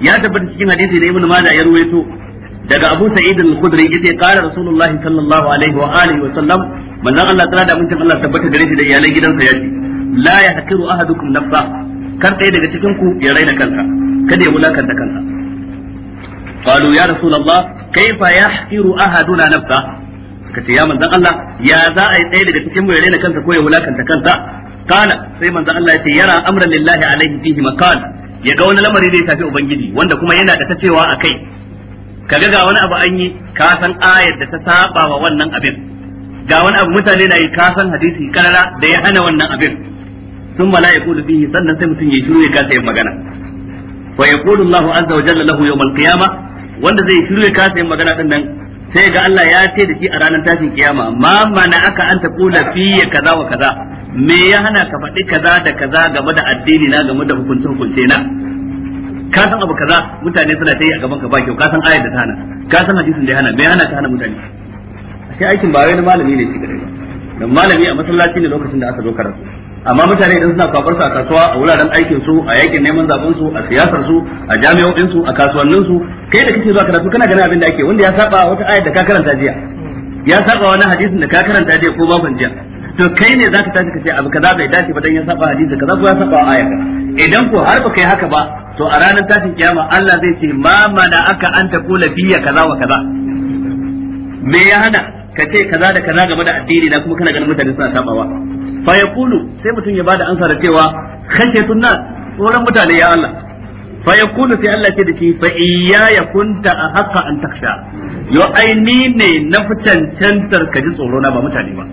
ya tabbata cikin hadisi da Ibn Majah ya ruwaito daga Abu Sa'id al-Khudri yace qala Rasulullahi sallallahu alaihi wa alihi wa sallam manzon Allah tsara da mutum Allah tabbata gare shi da iyalan gidansa yace la yahqiru ahadukum nafsa kar ɗaya daga cikin ku ya raina kansa kada ya wulakanta kansa qalu ya rasulullah kaifa yahqiru ahaduna nafsa kace ya manzon Allah ya za a yi ɗaya daga cikin mu ya raina kansa ko ya wulakanta kansa kana sai manzo Allah ya ce yara amran lillahi alaihi fihi maqal ya ga wani lamari da ya shafi ubangiji wanda kuma yana da ta cewa kai. kaga ga wani abu anyi yi ayar da ta saba wa wannan abin ga wani abu mutane na yi kasan hadisi karara da ya hana wannan abin sun mala'iku da bihi sannan sai mutum ya shiru ya kasa yin magana wa azza wa jalla lahu yawm al-qiyamah wanda zai shiru ya kasa yin magana din nan sai ga Allah ya ce da shi a ranar tashin kiyama ma mana aka an kula fiye kaza wa kaza me ya hana ka faɗi kaza da kaza game da addini na game da hukunci hukunce na ka san abu kaza mutane suna ta yi a gaban ka ba kyau ka san ayar da ta hana ka san hadisin da ya hana me ya hana ta hana mutane sai aikin ba wai na malami ne shi kadai ba malami a masallaci ne lokacin da aka zo karatu amma mutane idan suna kwabar a kasuwa a wuraren aikin su a yakin neman zaben su a siyasar su a jami'o'in su a kasuwannin su kai da kake zuwa karatu kana ganin abin da ake wanda ya saba wata ayat da ka karanta jiya ya saba wani hadisin da ka karanta jiya ko baban jiya to kai ne zaka tashi kace abu kaza bai dace ba dan ya saba hadisi kaza ko ya saba aya idan ko har ba kai haka ba to a ranar tashin kiyama Allah zai ce ma mana aka anta kula biya kaza wa kaza me ya hana ka ce kaza da kaza game da addini na kuma kana ganin mutane suna sabawa fa yaqulu sai mutum ya bada ansa da cewa khashiyatun nas tsoron mutane ya Allah fa yaqulu sai Allah ce da shi fa iyaya kunta a haqqa an taksha yo aini ne na fitancantar ka ji tsoro na ba mutane ba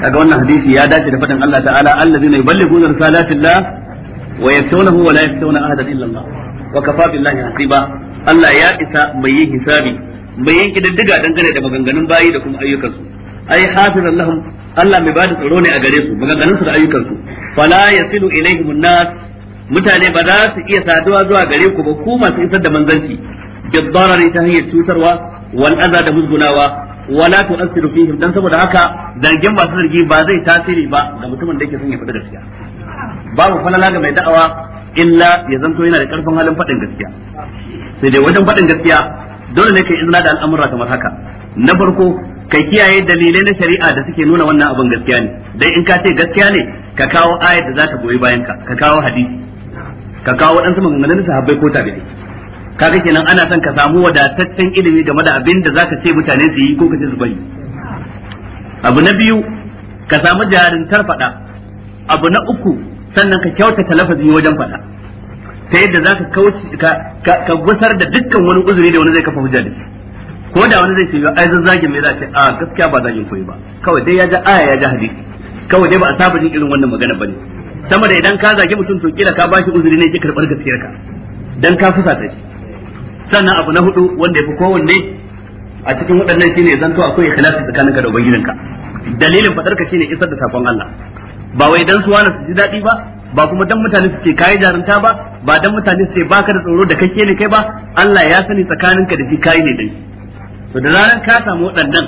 kaga wannan hadisi ya dace da fadin Allah ta'ala allazina yuballighuna risalatillah wa yaktawnahu wa la yaktawna ahadan illa Allah wa kafa billahi hasiba Allah ya isa mai yin hisabi mai yanki diddiga dangane da maganganun bayi da kuma ayyukansu ai hafizan lahum Allah mai bada tsaro ne a gare su maganganunsu da ayyukansu fala yasilu ilaihim nas mutane ba za su iya saduwa zuwa gare ku ba ku masu isar da manzanci biddarari ta hanyar cutarwa wal da musgunawa wala tu'assiru fihim dan saboda haka zargin masu zargi ba zai tasiri ba ga mutumin da yake son ya faɗi gaskiya babu falala ga mai da'awa illa ya zanto yana da karfin halin faɗin gaskiya sai dai wajen faɗin gaskiya dole ne kai izina da al'amura kamar haka na farko kai kiyaye dalilai na shari'a da suke nuna wannan abin gaskiya ne dai in ka ce gaskiya ne ka kawo ayat da za ta goyi bayan ka ka kawo hadisi ka kawo waɗansu maganganun sahabbai ko tabi'i kaga kenan ana son ka samu wadataccen ilimi game da abin da zaka ce mutane su yi ko ka ce su bari abu na biyu ka samu jarintar faɗa abu na uku sannan ka kyautata lafazi wajen faɗa ta yadda za ka ka gusar da dukkan wani uzuri da wani zai kafa hujja da shi ko da wani zai ce ya ai zagin mai za ce a ah, gaskiya ba zagin koyi ba kawai dai ya ja aya ya ja hadisi kawai dai ba a saba jin irin wannan magana bane sama da idan ka zagi mutum to kila ka bashi uzuri ne ki karbar gaskiyar ka dan ka fusa ta shi sannan abu na hudu wanda yafi kowanne a cikin waɗannan shine zanto akwai ikhlasi tsakaninka da ubangijinka dalilin fadarka shine isar da sakon Allah ba wai dan suwana su ji daɗi ba ba kuma dan mutane su ce kai jarunta ba ba dan mutane su ce baka da tsoro da kake ne kai ba Allah ya sani tsakaninka da shi kai ne dai to da ranar ka samu waɗannan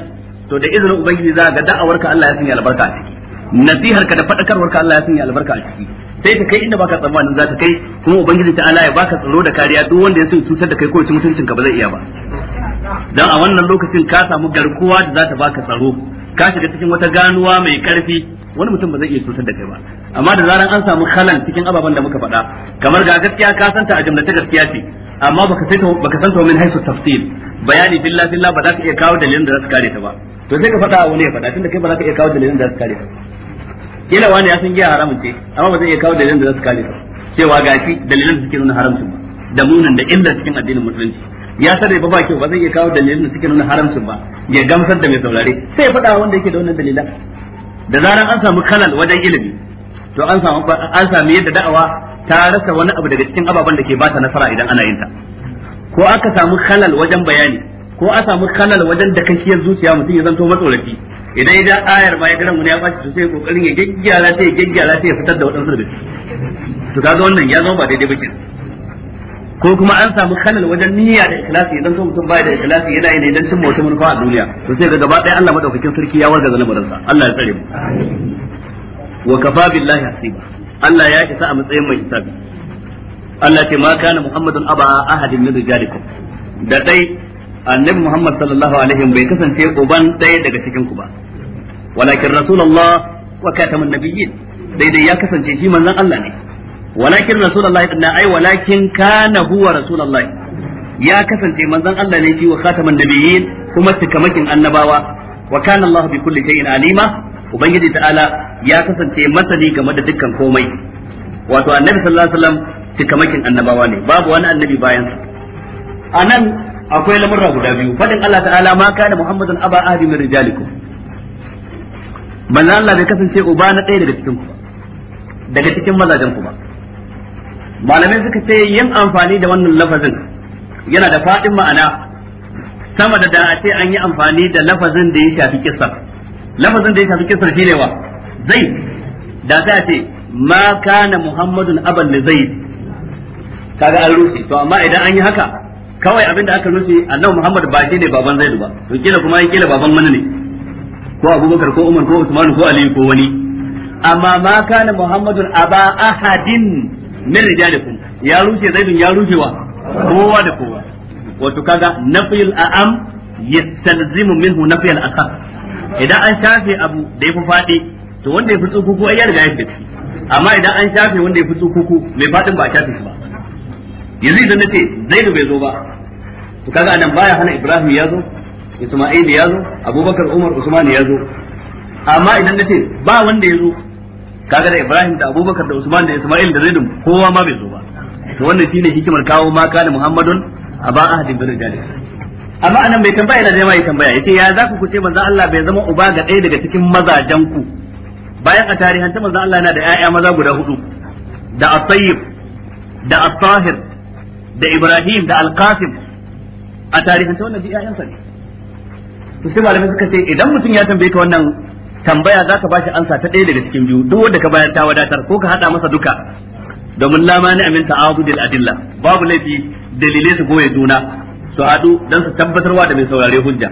to da izinin ubangiji za ga da'awarka Allah ya sanya albarka a ciki Nasihar ka da warka Allah ya sanya albarka a ciki sai ta kai inda baka tsammanin za ta kai kuma ubangiji ta Allah ya baka tsaro da kariya duk wanda ya so cutar da kai ko mutuncin ka ba zai iya ba dan a wannan lokacin ka samu garkuwa da za ta baka tsaro ka shiga cikin wata ganuwa mai karfi wani mutum ba zai iya cutar da kai ba amma da zaran an samu halan cikin ababen da muka faɗa kamar ga gaskiya ka santa a jumlace gaskiya ce amma baka sai baka santa min haisu tafsil bayani billa billa ba za ka iya kawo dalilin da za su kare ta ba to sai ka faɗa wani ya faɗa tunda kai ba za ka iya kawo dalilin da za su kare ta kila wani ya san giya haramun ce amma ba zai iya kawo dalilin da za su kare ta cewa gashi dalilan da suke nuna haramcin ba da munin da illa cikin addinin musulunci ya sani ba ba kyau ba zai iya kawo dalilin da suke nuna haramcin ba ya gamsar da mai saurare sai ya faɗa wanda yake da wannan dalilan da zaran an samu kanal wajen ilimi to an samu an samu yadda da'awa ta rasa wani abu daga cikin ababen da ke ba ta nasara idan ana yin ta ko aka samu kanal wajen bayani ko a samu kanal wajen da kankiyar zuciya mutum ya zanto matsorafi idan ya ayar ma ya gara wani ya baci to sai kokarin ya gaggyara sai ya gaggyara sai ya fitar da waɗansu da to kaga wannan ya zama ba daidai ba ko kuma an samu kanal wajen niyya da ikhlasi idan so mutum baya da ikhlasi yana yin idan cin mutum manufa a duniya to sai ga gaba ɗaya Allah madaukakin sarki ya warga zalmarin sa Allah ya tsare mu wa kafa billahi hasiba Allah ya isa a matsayin mai hisabi Allah ce ma kana Muhammadun aba ahadin min rijalikum da dai annabi Muhammad sallallahu alaihi bai kasance uban ɗaya daga cikin ku ba walakin rasulullah wa katamun nabiyyin daidai ya kasance shi manzon Allah ne walakin rasulullahi dinna ai walakin kana huwa rasulullahi ya kasance manzon Allah ne shi wa khataman nabiyyin kuma tukamakin annabawa wa kana Allah bi kulli shay'in alima ubangiji ta'ala ya kasance masani game da dukkan komai wato annabi sallallahu alaihi wasallam annabawa ne babu wani annabi bayan anan akwai lamurra guda biyu fadin Allah ta'ala ma kana muhammadun aba ahadi min rijalikum manzo Allah bai kasance uba daga cikin ku daga cikin mazajen ku ba malamai suka ce yin amfani da wannan lafazin yana da faɗin ma'ana sama da da a ce an yi amfani da lafazin da ya shafi kissa lafazin da ya shafi kissar shine wa zai da sai a ce ma kana muhammadun aban da zai kaga an rushe to amma idan an yi haka kawai abin da aka rushe annabi muhammad ba shi ne baban Zaidu ba to kila kuma kila baban mana ne ko abubakar ko umar ko usman ko ali ko wani amma ma kana muhammadun aba ahadin min rijalikum ya rushe zaidun ya rushewa kowa da kowa wato kaga nafil a'am yastalzimu minhu nafil akhar idan an shafe abu da yafi fadi to wanda yafi tsukuku ai ya riga ya fiti amma idan an shafe wanda yafi tsukuku mai fadin ba a shafe shi ba yanzu idan nace zaidu bai zo ba to kaga anan baya hana ibrahim ya zo isma'il ya zo abubakar umar usman ya zo amma idan nace ba wanda ya zo kaga da Ibrahim da Abubakar da Usman da Isma'il da Zaidun kowa ma bai zo ba to wannan shine hikimar kawo ma kana Muhammadun aba ahadin bin Jalil amma anan bai tambaya da mai tambaya yace ya zaku ku ce manzo Allah bai zama uba ga ɗaya daga cikin mazajen ku bayan a tarihin ta manzo Allah yana da ƴaƴa maza guda hudu da At-Tayyib da At-Tahir da Ibrahim da Al-Qasim a tarihin ta wannan bi ƴaƴansa ne to sai malamai suka ce idan mutum ya tambaye ka wannan tambaya za ka shi ansa ta ɗaya daga cikin biyu duk wanda ka bayar ta wadatar ko ka haɗa masa duka domin lama ni aminta a adilla babu laifi dalilai su goye juna su haɗu don su tabbatarwa da mai saurare hujja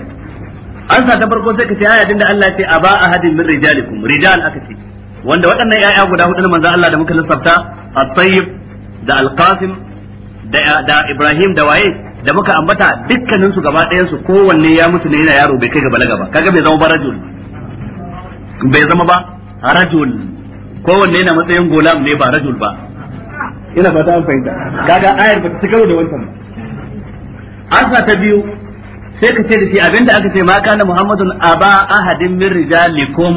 ansa ta farko sai ka ce ya da Allah ce a ba ahadin min rijalikum rijal aka ce wanda waɗannan 'ya'ya guda hudu na manzo Allah da muka lissafta at-tayyib da al da Ibrahim da waye da muka ambata dukkanin su gaba ɗayan kowanne ya mutu ne yana yaro bai kai ga balaga ba kaga bai zama barajul bai zama ba rajul kowanne yana matsayin gulam ne ba rajul ba ina fata an fahimta kaga ayar ba ta ci da wancan asa ta biyu sai ka ce da shi abinda aka ce ma kana muhammadun aba ahadin min rijalikum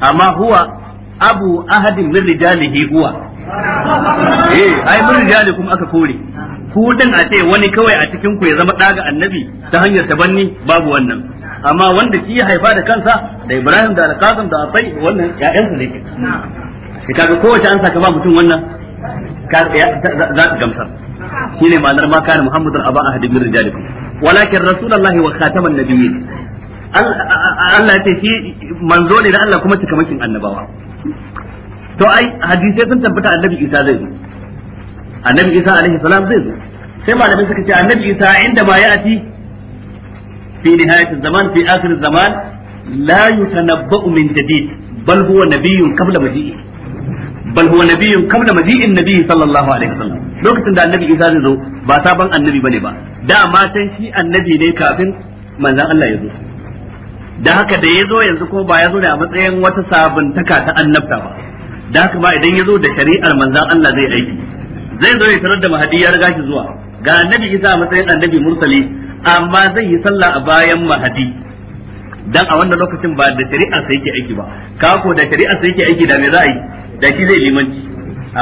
amma huwa abu ahadin min rijalihi huwa eh ai min rijalikum aka kore ku din a ce wani kawai a cikin ku ya zama daga annabi ta hanyar tabanni babu wannan amma wanda shi ya haifa da kansa da Ibrahim da Al-Qasim da Atai wannan ƴaƴansa ne shi kaga kowace an saka ba mutum wannan za ta gamsar Shi ne ma'anar ma kana Muhammadu aba ahad min rijalikum walakin rasulullahi wa khataman nabiyyin Allah ya ce shi manzo ne da Allah kuma cikamakin annabawa to ai hadisai sun tabbata annabi Isa zai zo annabi Isa alaihi salam zai zo sai malamai suka ce annabi Isa inda ba ya ati في نهاية الزمان في آخر الزمان لا يتنبأ من جديد بل هو نبي قبل مجيئه بل هو نبي قبل مجيء النبي صلى الله عليه وسلم lokacin da annabi Isa zai zo ba sabon annabi bane ba dama can shi annabi ne kafin manzon Allah ya zo da haka da ya zo yanzu ko ba ya zo ne a matsayin wata sabon taka ta annabta ba da haka ba idan ya zo da shari'ar manzon Allah zai aiki zai zo ya tarar da mahadi ya riga shi zuwa ga annabi Isa a matsayin annabi mursali amma zai yi sallah a bayan mahadi dan a wannan lokacin ba da shari'a sai yake aiki ba ka ko da shari'a sai yake aiki da me za a yi da shi zai limanci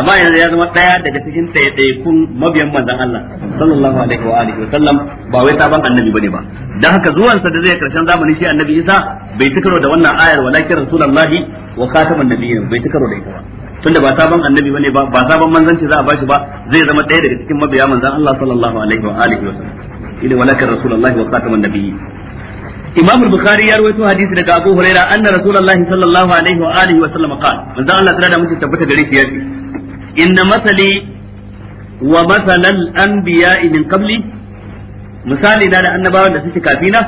amma yanzu ya zama daya daga cikin ɗaiɗaikun mabiyan manzon Allah sallallahu alaihi wa alihi wasallam sallam ba wai sabon annabi bane ba dan haka zuwan sa da zai karshen zamani shi annabi Isa bai tukaro da wannan ayar walakin rasulullahi wa khataman nabiyyin bai tukaro da ita ba tunda ba sabon annabi bane ba ba sabon manzanci za a bashi ba zai zama ɗaya daga cikin mabiya manzon Allah sallallahu alaihi wa alihi wasallam shine walakin rasulullahi wa khataman nabiyyi Imam al-Bukhari ya rawaito hadisi daga Abu Huraira anna Rasulullahi sallallahu alaihi wa alihi wa sallam qala manzo Allah tare da muke tabbata gare shi yace inna masali wa masalal anbiya'i min qabli misali na da annabawan da suke kafina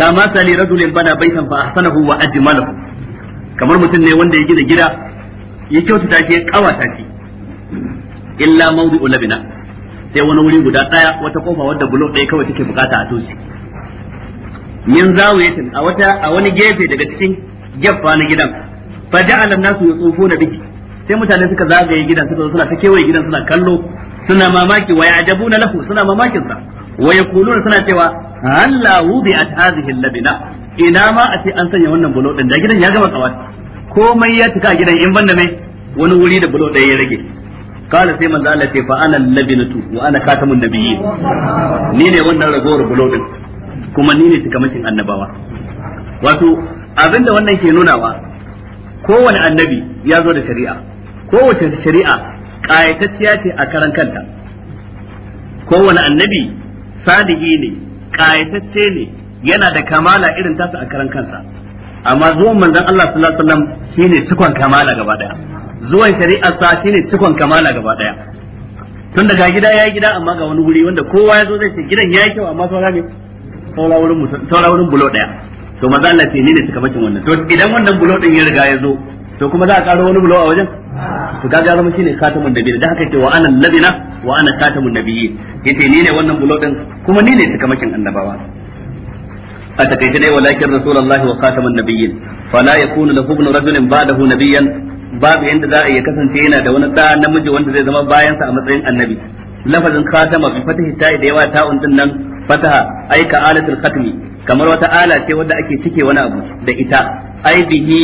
ka masali rajulin bana baitan fa ahsanahu wa ajmalahu kamar mutum ne wanda ya gina gida ya kyautata shi ya kawata shi illa mawdu'u labina sai wani wuri guda daya wata kofa wadda bulo ɗaya kawai take bukata a toshe min zawiyatin a wata a wani gefe daga cikin gefa na gidan fa ja'ala an-nasu na biki sai mutane suka zagaye gidan suka zo suna ta kewaye gidan suna kallo suna mamaki wa ya'jabuna lahu suna mamakin sa wa yaquluna suna cewa halla wubi'at hadhihi al-labina ina ma a ce an sanya wannan bulo din da gidan ya gama kawata komai ya tuka gidan in banda mai wani wuri da bulo ɗaya ya rage kala sai manzo Allah ce fa ana labinatu wa ana khatamun nabiyyin ni ne wannan ragowar bulodin kuma ni ne annabawa wato abinda wannan ke nunawa kowane annabi ya zo da shari'a kowace shari'a kayatacciya ce a karan kanta kowane annabi salihi ne kayatacce ne yana da kamala irin tasa a karan kansa amma zuwan manzon Allah sallallahu alaihi wasallam shine cikon kamala gaba daya zuwan shari'ar sa shine cikon kamala gaba daya tun daga gida yi gida amma ga wani wuri wanda kowa ya zo zai ce gidan ya yi kyau amma saura ne saura wurin saura wurin bulo daya to maza Allah ce ni ne cika bacin wannan to idan wannan bulo din ya riga ya zo to kuma za a karo wani bulo a wajen to ga zama shine khatamun nabiyyi da haka ce wa anan nabina wa ana khatamun nabiyyi yace ni ne wannan bulo din kuma ni ne cika makin annabawa a takaice dai walakin rasulullahi wa khatamun nabiyyin fala yakunu lahu ibn rajulin ba'dahu nabiyyan babu yadda za a iya kasance yana da wani da namiji wanda zai zama bayansa a matsayin annabi lafazin khatama bi fatahi ta da yawa ta din nan fataha ai ka alatul khatmi kamar wata ala ce wadda ake cike wani abu da ita ai bihi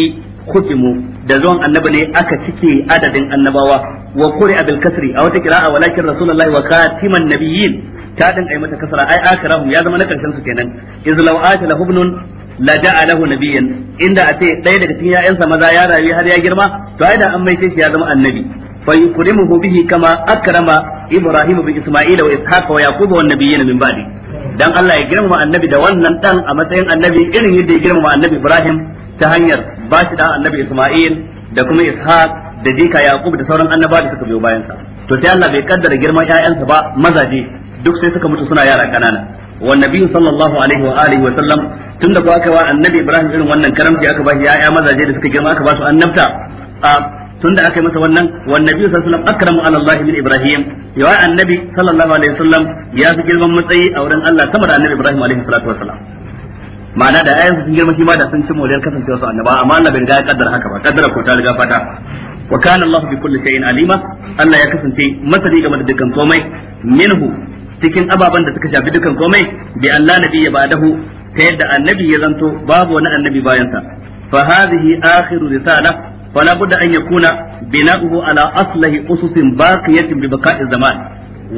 khutimu da zuwan annabi ne aka cike adadin annabawa wa quri abil kasri a wata qira'a walakin rasulullahi wa khatiman nabiyyin ta din ai mata kasra ai akrahum ya zama na karshen su kenan iz law ata lahubnun la ja'alahu nabiyyan inda a ce ɗaya daga cikin 'ya'yansa maza ya rayu har ya girma to ai da an mai shi ya zama annabi fa yukrimuhu bihi kama akrama ibrahim bi isma'ila wa ishaq wa yaqub wa nabiyyin min ba'di dan Allah ya girmama annabi da wannan dan a matsayin annabi irin yadda ya girmama annabi ibrahim ta hanyar ba shi da annabi isma'il da kuma ishaq da jika yaqub da sauran annabawa da suka biyo bayansa. to sai Allah bai kaddara girman 'ya'yansa ba mazaje duk sai suka mutu suna yara kanana wa nabiyyu sallallahu alaihi wa alihi wa sallam tunda ko aka wa annabi ibrahim irin wannan karamci aka ba shi ya'ya mazaje da suka girma aka ba su tun da aka yi masa wannan wa nabiyyu sallallahu alaihi wa sallam akramu ala allah min ibrahim ya wa annabi sallallahu alaihi wa sallam ya fi girman matsayi a wurin allah sama da annabi ibrahim alaihi salatu wa salam ma'ana da ayan sun girma shi ma da sun ci moriyar kasancewa su annaba amma Allah bai ga ya kaddara haka ba kaddara ko ta riga fata wa kana Allah bi kulli shay'in alima Allah ya kasance masani game da dukkan komai minhu cikin ababen da suka shafi dukan komai bi Allah nabi ya ba'dahu ta yadda annabi ya zanto babu wani annabi bayan sa fa hadhihi akhiru risala fala budda an yakuna bina'uhu ala aslahi ususin baqiyatin bi baqa'i zaman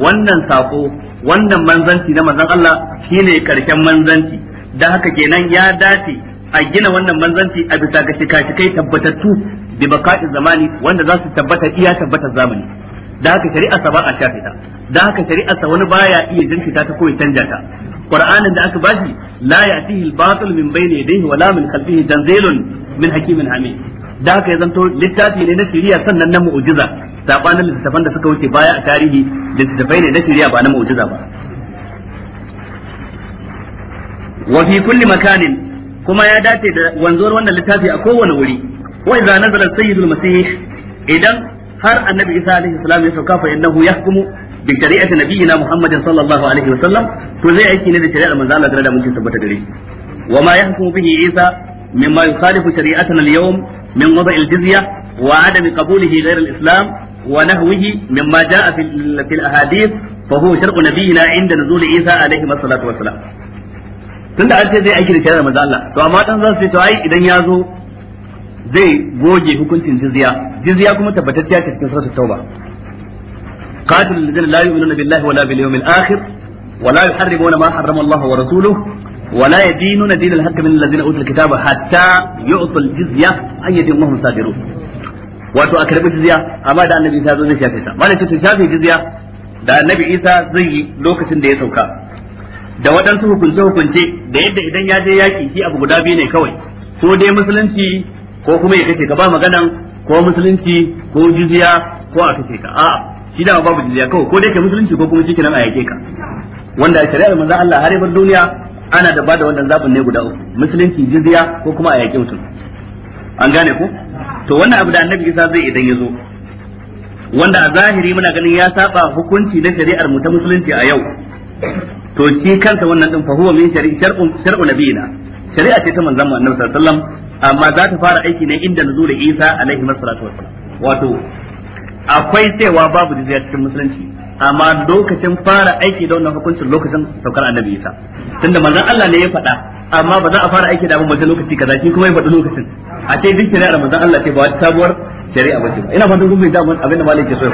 wannan sako wannan manzanci na manzon Allah shine karshen manzanci dan haka kenan ya dace a gina wannan manzanci a bisa ga shika tabbatattu bi baqa'i zamani wanda za su tabbata iya tabbatar zamani da haka shari'a sa ba a shafe ta da haka shari'a sa wani baya iya jinkita ta ko ya canja ta qur'anin da aka bashi la ya'tihi al-batil min bayni yadayhi wala min khalfihi tanzilun min hakimin hamid da haka ya zanto littafi ne na shiriya sannan na mu'jiza sabanin littafan da suka wuce baya a tarihi littafai ne na shiriya ba na mu'jiza ba wa fi kulli makanin kuma ya dace da wanzuwar wannan littafi a kowane wuri wa idza nazala sayyidul masih idan har annabi isa alaihi salam ya sauka fa innahu yahkumu bi shari'ati nabiyina muhammadin sallallahu alaihi wasallam to zai aiki ne da shari'ar manzo Allah da mun tabbata gare wa ma yahkumu bihi isa mimma yukhalifu shari'atana al-yawm min wada' al-jizya wa adami qabulihi ghayr al-islam wa nahwihi mimma jaa fi al-ahadith fa huwa shar'u nabiyina inda nuzul isa alaihi salatu wassalam tunda an ce zai aiki da shari'ar manzo Allah to amma dan zan ce to ai idan ya zo zai goge hukuncin jizya jizya kuma tabbatacciya ce cikin suratul tauba qatil alladhina la yu'minuna billahi wala bil yawmil akhir wala yuharrimuna ma harrama Allah wa rasuluhu ولا يدينون دين الحق من الذين اوتوا الكتاب حتى يعطوا الجزيه عن يد وهم صاغرون wato a karbi jizya amma da annabi isa zai shafe ta malai ta shafe jizya da annabi isa zai yi lokacin da ya sauka da waɗansu hukunce hukunce da yadda idan ya je yaki shi abu guda biyu ne kawai ko dai musulunci ko kuma ya kace ka ba maganan ko musulunci ko jizya ko a kake ka a'a shi da babu jizya kawai ko dai ka musulunci ko kuma kenan a yake ka wanda a shari'ar manzon Allah har ibar duniya ana da bada wannan zabin ne guda uku musulunci jizya ko kuma a yake mutum an gane ko to wannan abu da annabi Isa zai idan ya zo wanda a zahiri muna ganin ya saba hukunci na shari'ar mu ta musulunci a yau to shi kansa wannan din fa huwa min shari'a shar'u nabiyina shari'a ce ta manzon mu annabi sallallahu alaihi wasallam amma za ta fara aiki ne inda da Isa alaihi wassalatu wassalam wato akwai cewa babu jizya cikin musulunci amma lokacin fara aiki da wannan hukuncin lokacin saukar annabi Isa tunda manzon Allah ne ya faɗa amma ba za a fara aiki da abin wajen lokaci kaza shi kuma ya faɗi lokacin a ce duk shari'ar manzon Allah ce ba wata sabuwar shari'a ba ce ina fatan kun fahimta abin da malik ke so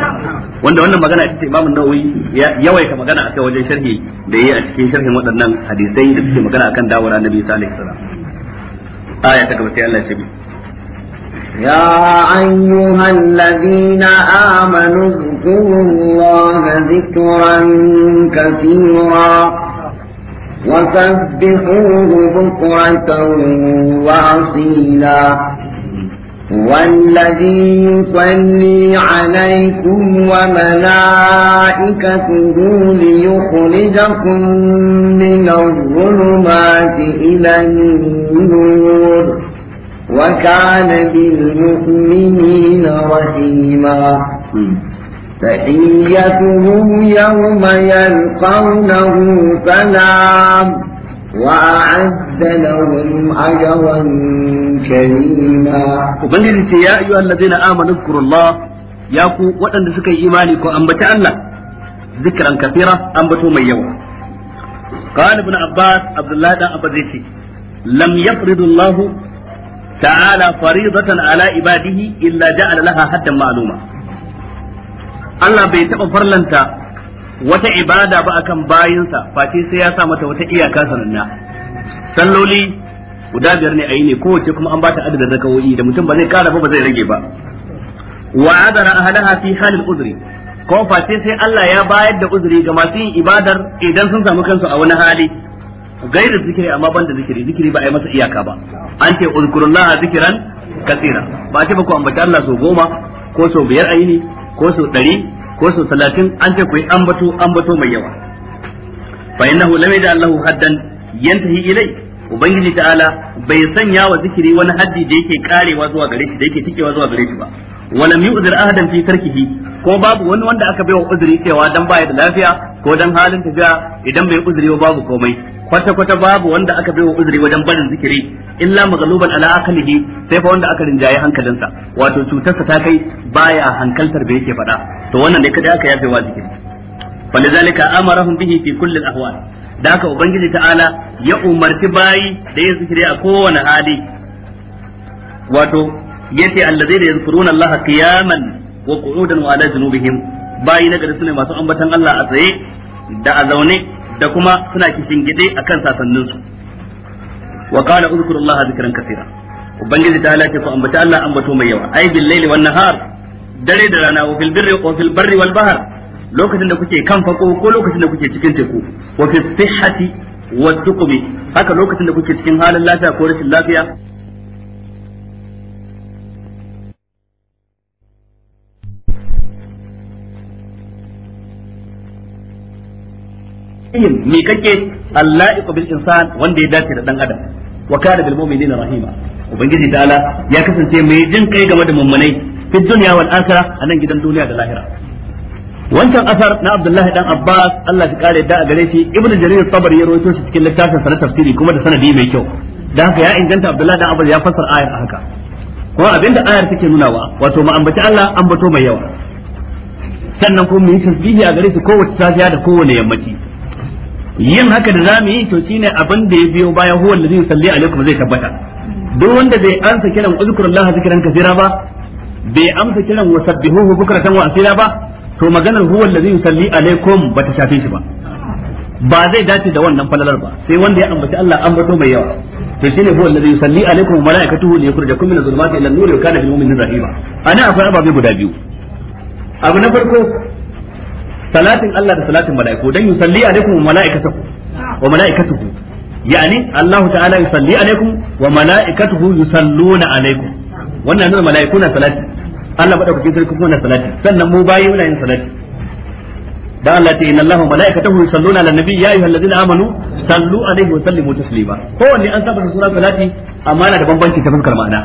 wanda wannan magana ita Imam Nawawi yawaita magana akai wajen sharhi da yayi a cikin sharhin waɗannan hadisai da suke magana akan dawar annabi Isa alaihi salam آية تقبل الله سبيل يا أيها الذين آمنوا اذكروا الله ذكرا كثيرا وسبحوه بكرة وأصيلا والذي يصلي عليكم وملائكته ليخرجكم من الظلمات إلى النور وكان بالمؤمنين رحيما تحيتهم يوم يلقونه سلام وأعد أعد لهم أجرا كريما وبنجد يا أيها الذين آمنوا اذكروا الله يا كو وأن سكي إيمانكم أنبت الله ذكرا كثيرا أنبتوا من يوم قال ابن عباس عبد الله بن أبزيتي لم يفرض الله تعالى فريضة على عباده إلا جعل لها حدا معلوما Allah bai taɓa farlanta wata ibada ba akan bayinsa face sai ya sa mata wata iyaka sananna salloli guda biyar ne a yi ne kowace kuma an ba ta adadin rakawoyi da mutum ba zai kara ba ba zai rage ba wa adara ahlaha fi halin uzuri ko fa sai Allah ya bayar da uzuri ga masu yin ibadar idan sun samu kansu a wani hali gairu zikiri amma ban da zikiri zikiri ba a masa iyaka ba an ce uzkurullah zikiran katira ba ce ba ku ambata Allah so goma ko so biyar a yi ne ko so ɗari ko so talatin an ce ku yi ambato ambato mai yawa fa innahu lam yada Allahu haddan yantahi ilai ubangiji ta'ala bai sanya wa zikiri wani haddi da yake karewa zuwa gare shi da yake tikewa zuwa gare shi ba walam uzur ahadan fi tarkihi ko babu wani wanda aka baiwa uzuri cewa dan baya da lafiya ko dan halin tafiya idan bai uzuri ba babu komai kwata kwata babu wanda aka baiwa uzuri wajen barin zikiri illa maghluban ala aqlihi sai fa wanda aka rinjaye hankalinsa wato cutarsa ta kai baya hankaltar da yake faɗa to wannan ne kada aka yafe wa zikiri فلذلك امرهم Bihi في كل ahwal da haka ubangiji ta'ala ya umarci bayi da yin zikiri a kowane hali wato yace allazina yadhkuruna allaha qiyaman wa qu'udan wa ala junubihim bayi na gari sune masu ambatan Allah a tsaye da a zaune da kuma suna kishin gide akan sasannin su wa qala udhkurullaha zikran kaseera ubangiji ta'ala ce ku ambata Allah ambato mai yawa ai bil laili wan nahar dare da rana wa fil birri wa fil barri wal bahr lokacin da kuke kan fako ko lokacin da kuke cikin teku wa fi sihhati wa tuqbi haka lokacin da kuke cikin halin lafiya ko rashin lafiya yin mi kake alla'iqu bil insan wanda ya dace da dan adam wa kana bil mu'minina rahima ubangiji ta'ala ya kasance mai jin kai game da mummunai fi dunya wal akhirah anan gidan duniya da lahira wancan asar na Abdullahi dan Abbas Allah ya kare da a gare shi Ibn Jarir Tabari ya rawaito shi cikin littafin sa na tafsiri kuma da sanadi mai kyau Da haka ya inganta Abdullahi dan Abbas ya fassara ayar a haka kuma abinda ayar take nunawa wato mu ambaci Allah ambato mai yawa sannan kuma mu yi tasbihi a gare shi kowace safiya da kowane yammaci yin haka da zamu yi to shine abin da ya biyo bayan huwa allazi yusalli alaikum zai tabbata duk wanda bai ansa kiran uzkurullah zikran kasira ba bai amsa kiran wasabbihuhu bukratan wa asira ba to maganar huwa allazi yusalli alaikum bata shafe shi ba ba zai dace da wannan falalar ba sai wanda ya ambaci Allah ambato mai yawa to shine huwa allazi yusalli alaikum malaikatuhu liyukhrijakum min adh-dhulumati ila an-nur wa kana bil mu'minina rahiba ana akwai ababe guda biyu abu na farko salatin Allah da salatin malaiku dan yusalli alaikum malaikatuhu wa malaikatuhu yani Allah ta'ala yusalli alaikum wa malaikatuhu yusalluna alaikum wannan nuna malaiku na salati Allah madaukakin sarki kuma na salati sannan mu bayi muna yin salati dan Allah ta inna Allahu malaikatahu yusalluna ala nabi ya ayyuhallazina amanu sallu alaihi wa sallimu taslima kowanne an saba sura salati amma na da bambanci ta fuskar ma'ana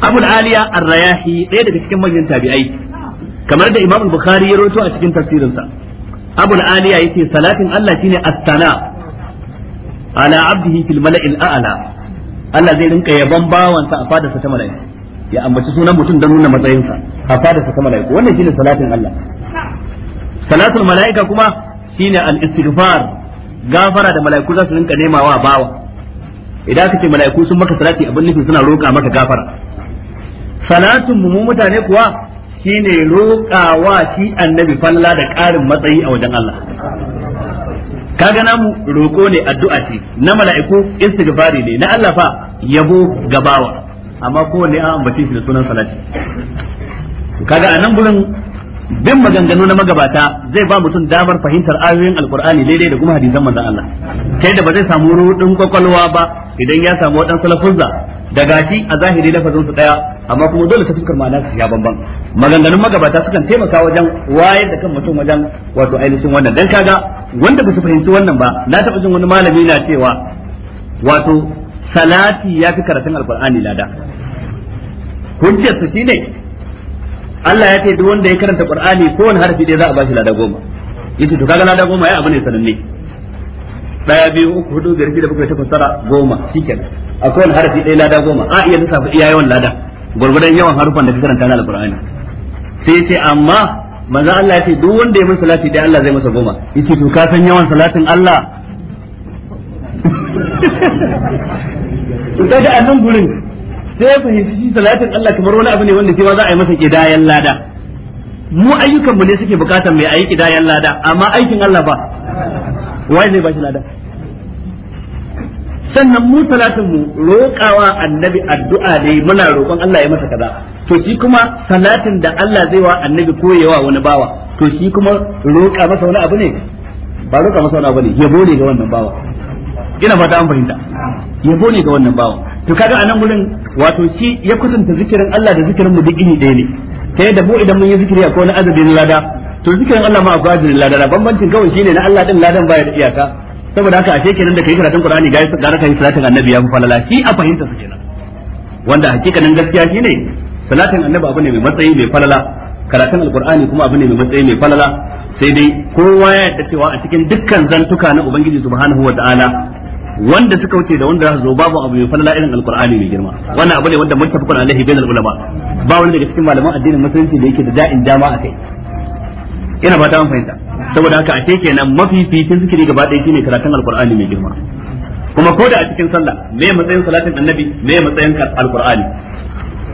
Abu Aliya Ar-Rayahi ɗaya daga cikin manyan tabi'ai kamar da Imam Bukhari ya rawaito a cikin tafsirinsa Abu Aliya ce salatin Allah shine ne sana ala abdihi fil mala'il a'la Allah zai rinka yaban bawansa a fadarsa ta mala'ika ya ambaci sunan mutum don nuna matsayinsa fada da saka mala'iku wannan shine salatin Allah salatul mala'ika kuma shine al-istighfar gafara da mala'iku za su rinka wa bawa idan aka ce mala'iku sun maka salati abin nufin suna roƙa maka gafara salatun mu mutane kuwa shine roƙawa shi annabi falla da ƙarin matsayi a wajen Allah kaga namu roƙo ne addu'a ce na mala'iku istighfari ne na Allah fa yabo gabawa amma kowanne an ambace shi da sunan salati kaga a nan gurin bin maganganu na magabata zai ba mutum damar fahimtar ayoyin alkur'ani daidai da kuma hadisan manzon Allah sai da ba zai samu rudin kwakwalwa ba idan ya samu wadan salafuzza da shi a zahiri lafazin su daya amma kuma dole ta fuskar ma'ana ya bamban maganganun magabata sukan taimaka wajen wayar da kan mutum wajen wato ainihin wannan dan kaga wanda ba su fahimci wannan ba na taba jin wani malami na cewa wato salati ya fi karatun alkur'ani lada hujjar su shine Allah ya ce duk wanda ya karanta qur'ani wani harfi dai za a bashi lada goma yace to kaga lada goma ya abu ne sananne daya biyu uku hudu biyar shida bakwai takwas tara goma shikenan a kowane harfi ɗaya lada goma a iya lissafa iya yawan lada gwargwadon yawan harufan da ka karanta na alkur'ani sai ce amma manzo Allah ya ce duk wanda ya masa salati dai Allah zai masa goma yace to ka san yawan salatin Allah [laughs] to da annan nan gurin sai ya fahimci shi salatin Allah kamar wani abu ne wanda sai ma za a yi masa kidayan lada mu ayyukan mu ne suke bukatar mai ayi kidayan lada amma aikin Allah ba wai zai ba shi lada sannan mu salatin mu roƙawa annabi addu'a ne muna roƙon Allah ya masa kaza to shi kuma salatin da Allah zai wa annabi koyewa wani bawa to shi kuma roƙa masa wani abu ne ba roƙa masa wani abu ne yabo ne ga wannan bawa ina fata an fahimta yabo ne ga wannan bawan to kaga a nan gurin wato shi ya kusanta zikirin Allah da zikirin mu duk iri ɗaya ne ta yadda bo idan mun yi zikiri akwai wani azabin lada to zikirin Allah ma akwai na lada bambancin kawai shine na Allah din ladan baya da iyaka saboda haka ashe kenan da kai karatun Qur'ani ga gara kai salatin annabi ya fi falala shi a fahimta su kenan wanda hakikanin gaskiya shine salatin annabi abu ne mai matsayi mai falala karatun alqur'ani kuma abu ne mai matsayi mai falala sai dai kowa ya yadda cewa a cikin dukkan zantuka na ubangiji subhanahu wa ta'ala wanda suka wuce da wanda za zo babu abu mai falala irin alqur'ani mai girma wannan abu ne wanda muttafaqun alaihi bainal ulama ba wani daga cikin malaman addinin musulunci da yake da da'in dama akai ina ba ta fahimta saboda haka a nan mafi fitin zikiri gaba ɗaya shine karatun alqur'ani mai girma kuma ko da a cikin sallah me matsayin salatin annabi me matsayin alqur'ani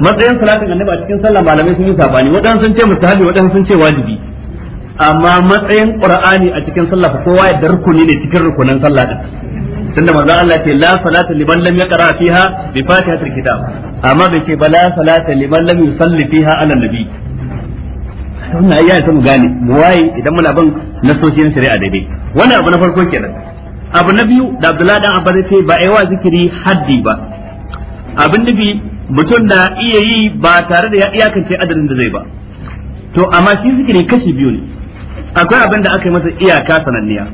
matsayin salatin annabi a cikin sallah malamai sun yi sabani wadansu sun ce mustahabi wadansu sun ce wajibi amma matsayin qur'ani a cikin sallah kowa ya rukuni ne cikin rukunan sallah din tunda manzo Allah ce la salata liman lam yaqra fiha bi fatihatil kitab amma bai ce bala salata liman lam yusalli fiha ala nabi wannan ayya ta mu gane mu waye idan muna bin nasoshi na shari'a daidai wannan abu na farko kenan abu na biyu da Abdullahi dan Abbas ce ba wa zikiri haddi ba abin bi mutum na iya yi ba tare da ya iyakance adadin da zai ba to amma shi zikiri kashi biyu ne akwai abin da aka yi masa iyaka sananniya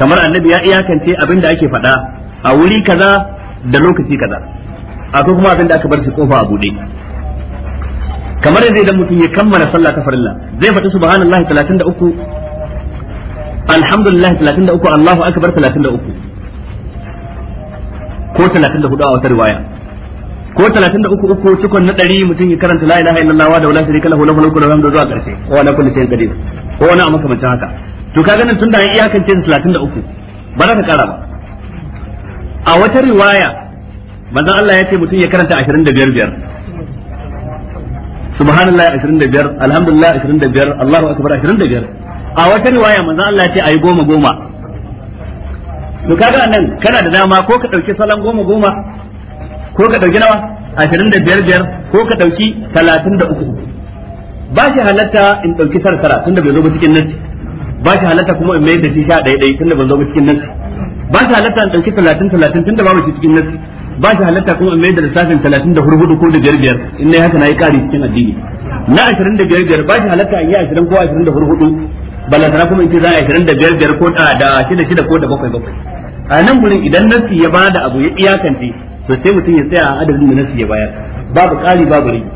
kamar annabi ya iyakance abin da ake faɗa a wuri kaza da lokaci kaza akwai kuma abin da aka bar shi kofa a buɗe kamar yadda idan mutum ya kammala sallah ta farilla zai faɗi subhanallahi 33 alhamdulillah 33 Allahu akbar 33 ko 34 a wata riwaya ko 33 uku cikon na 100 mutum ya karanta la ilaha illallah wa la sharika lahu lahul mulku wa lahul hamdu zuwa karshe wa la kulli shay'in ko wani a makamancin haka to kaga nan tunda ya iyakance da 33 ba za ka kara ba a wata riwaya manzon Allah ya ce mutum ya karanta 25 biyar subhanallah 25 alhamdulillah 25 Allahu akbar 25 a wata riwaya manzon Allah ya ce ayi goma goma to kaga nan kana da dama ko ka dauki salon goma goma ko ka dauki nawa 25 biyar ko ka dauki 33 ba shi halatta in dauki tara tara tunda bai zo ba cikin nan ba shi halatta kuma in mai da shi sha ɗaya ɗaya da ban zo cikin nasi ba shi halatta in ɗauki talatin talatin tun da ba shi cikin nasi ba shi halatta kuma in mai da lissafin talatin da hurhudu ko da biyar biyar in na haka na yi ƙari cikin addini na ashirin da biyar biyar ba shi halatta in yi ashirin ko ashirin da hurhudu balantana kuma in ce za a ashirin da biyar biyar ko da shida shida ko da bakwai bakwai a nan gurin idan nasi ya ba da abu ya iyakance to sai mutum ya tsaya a adadin da nasi ya bayar babu ƙari babu rigi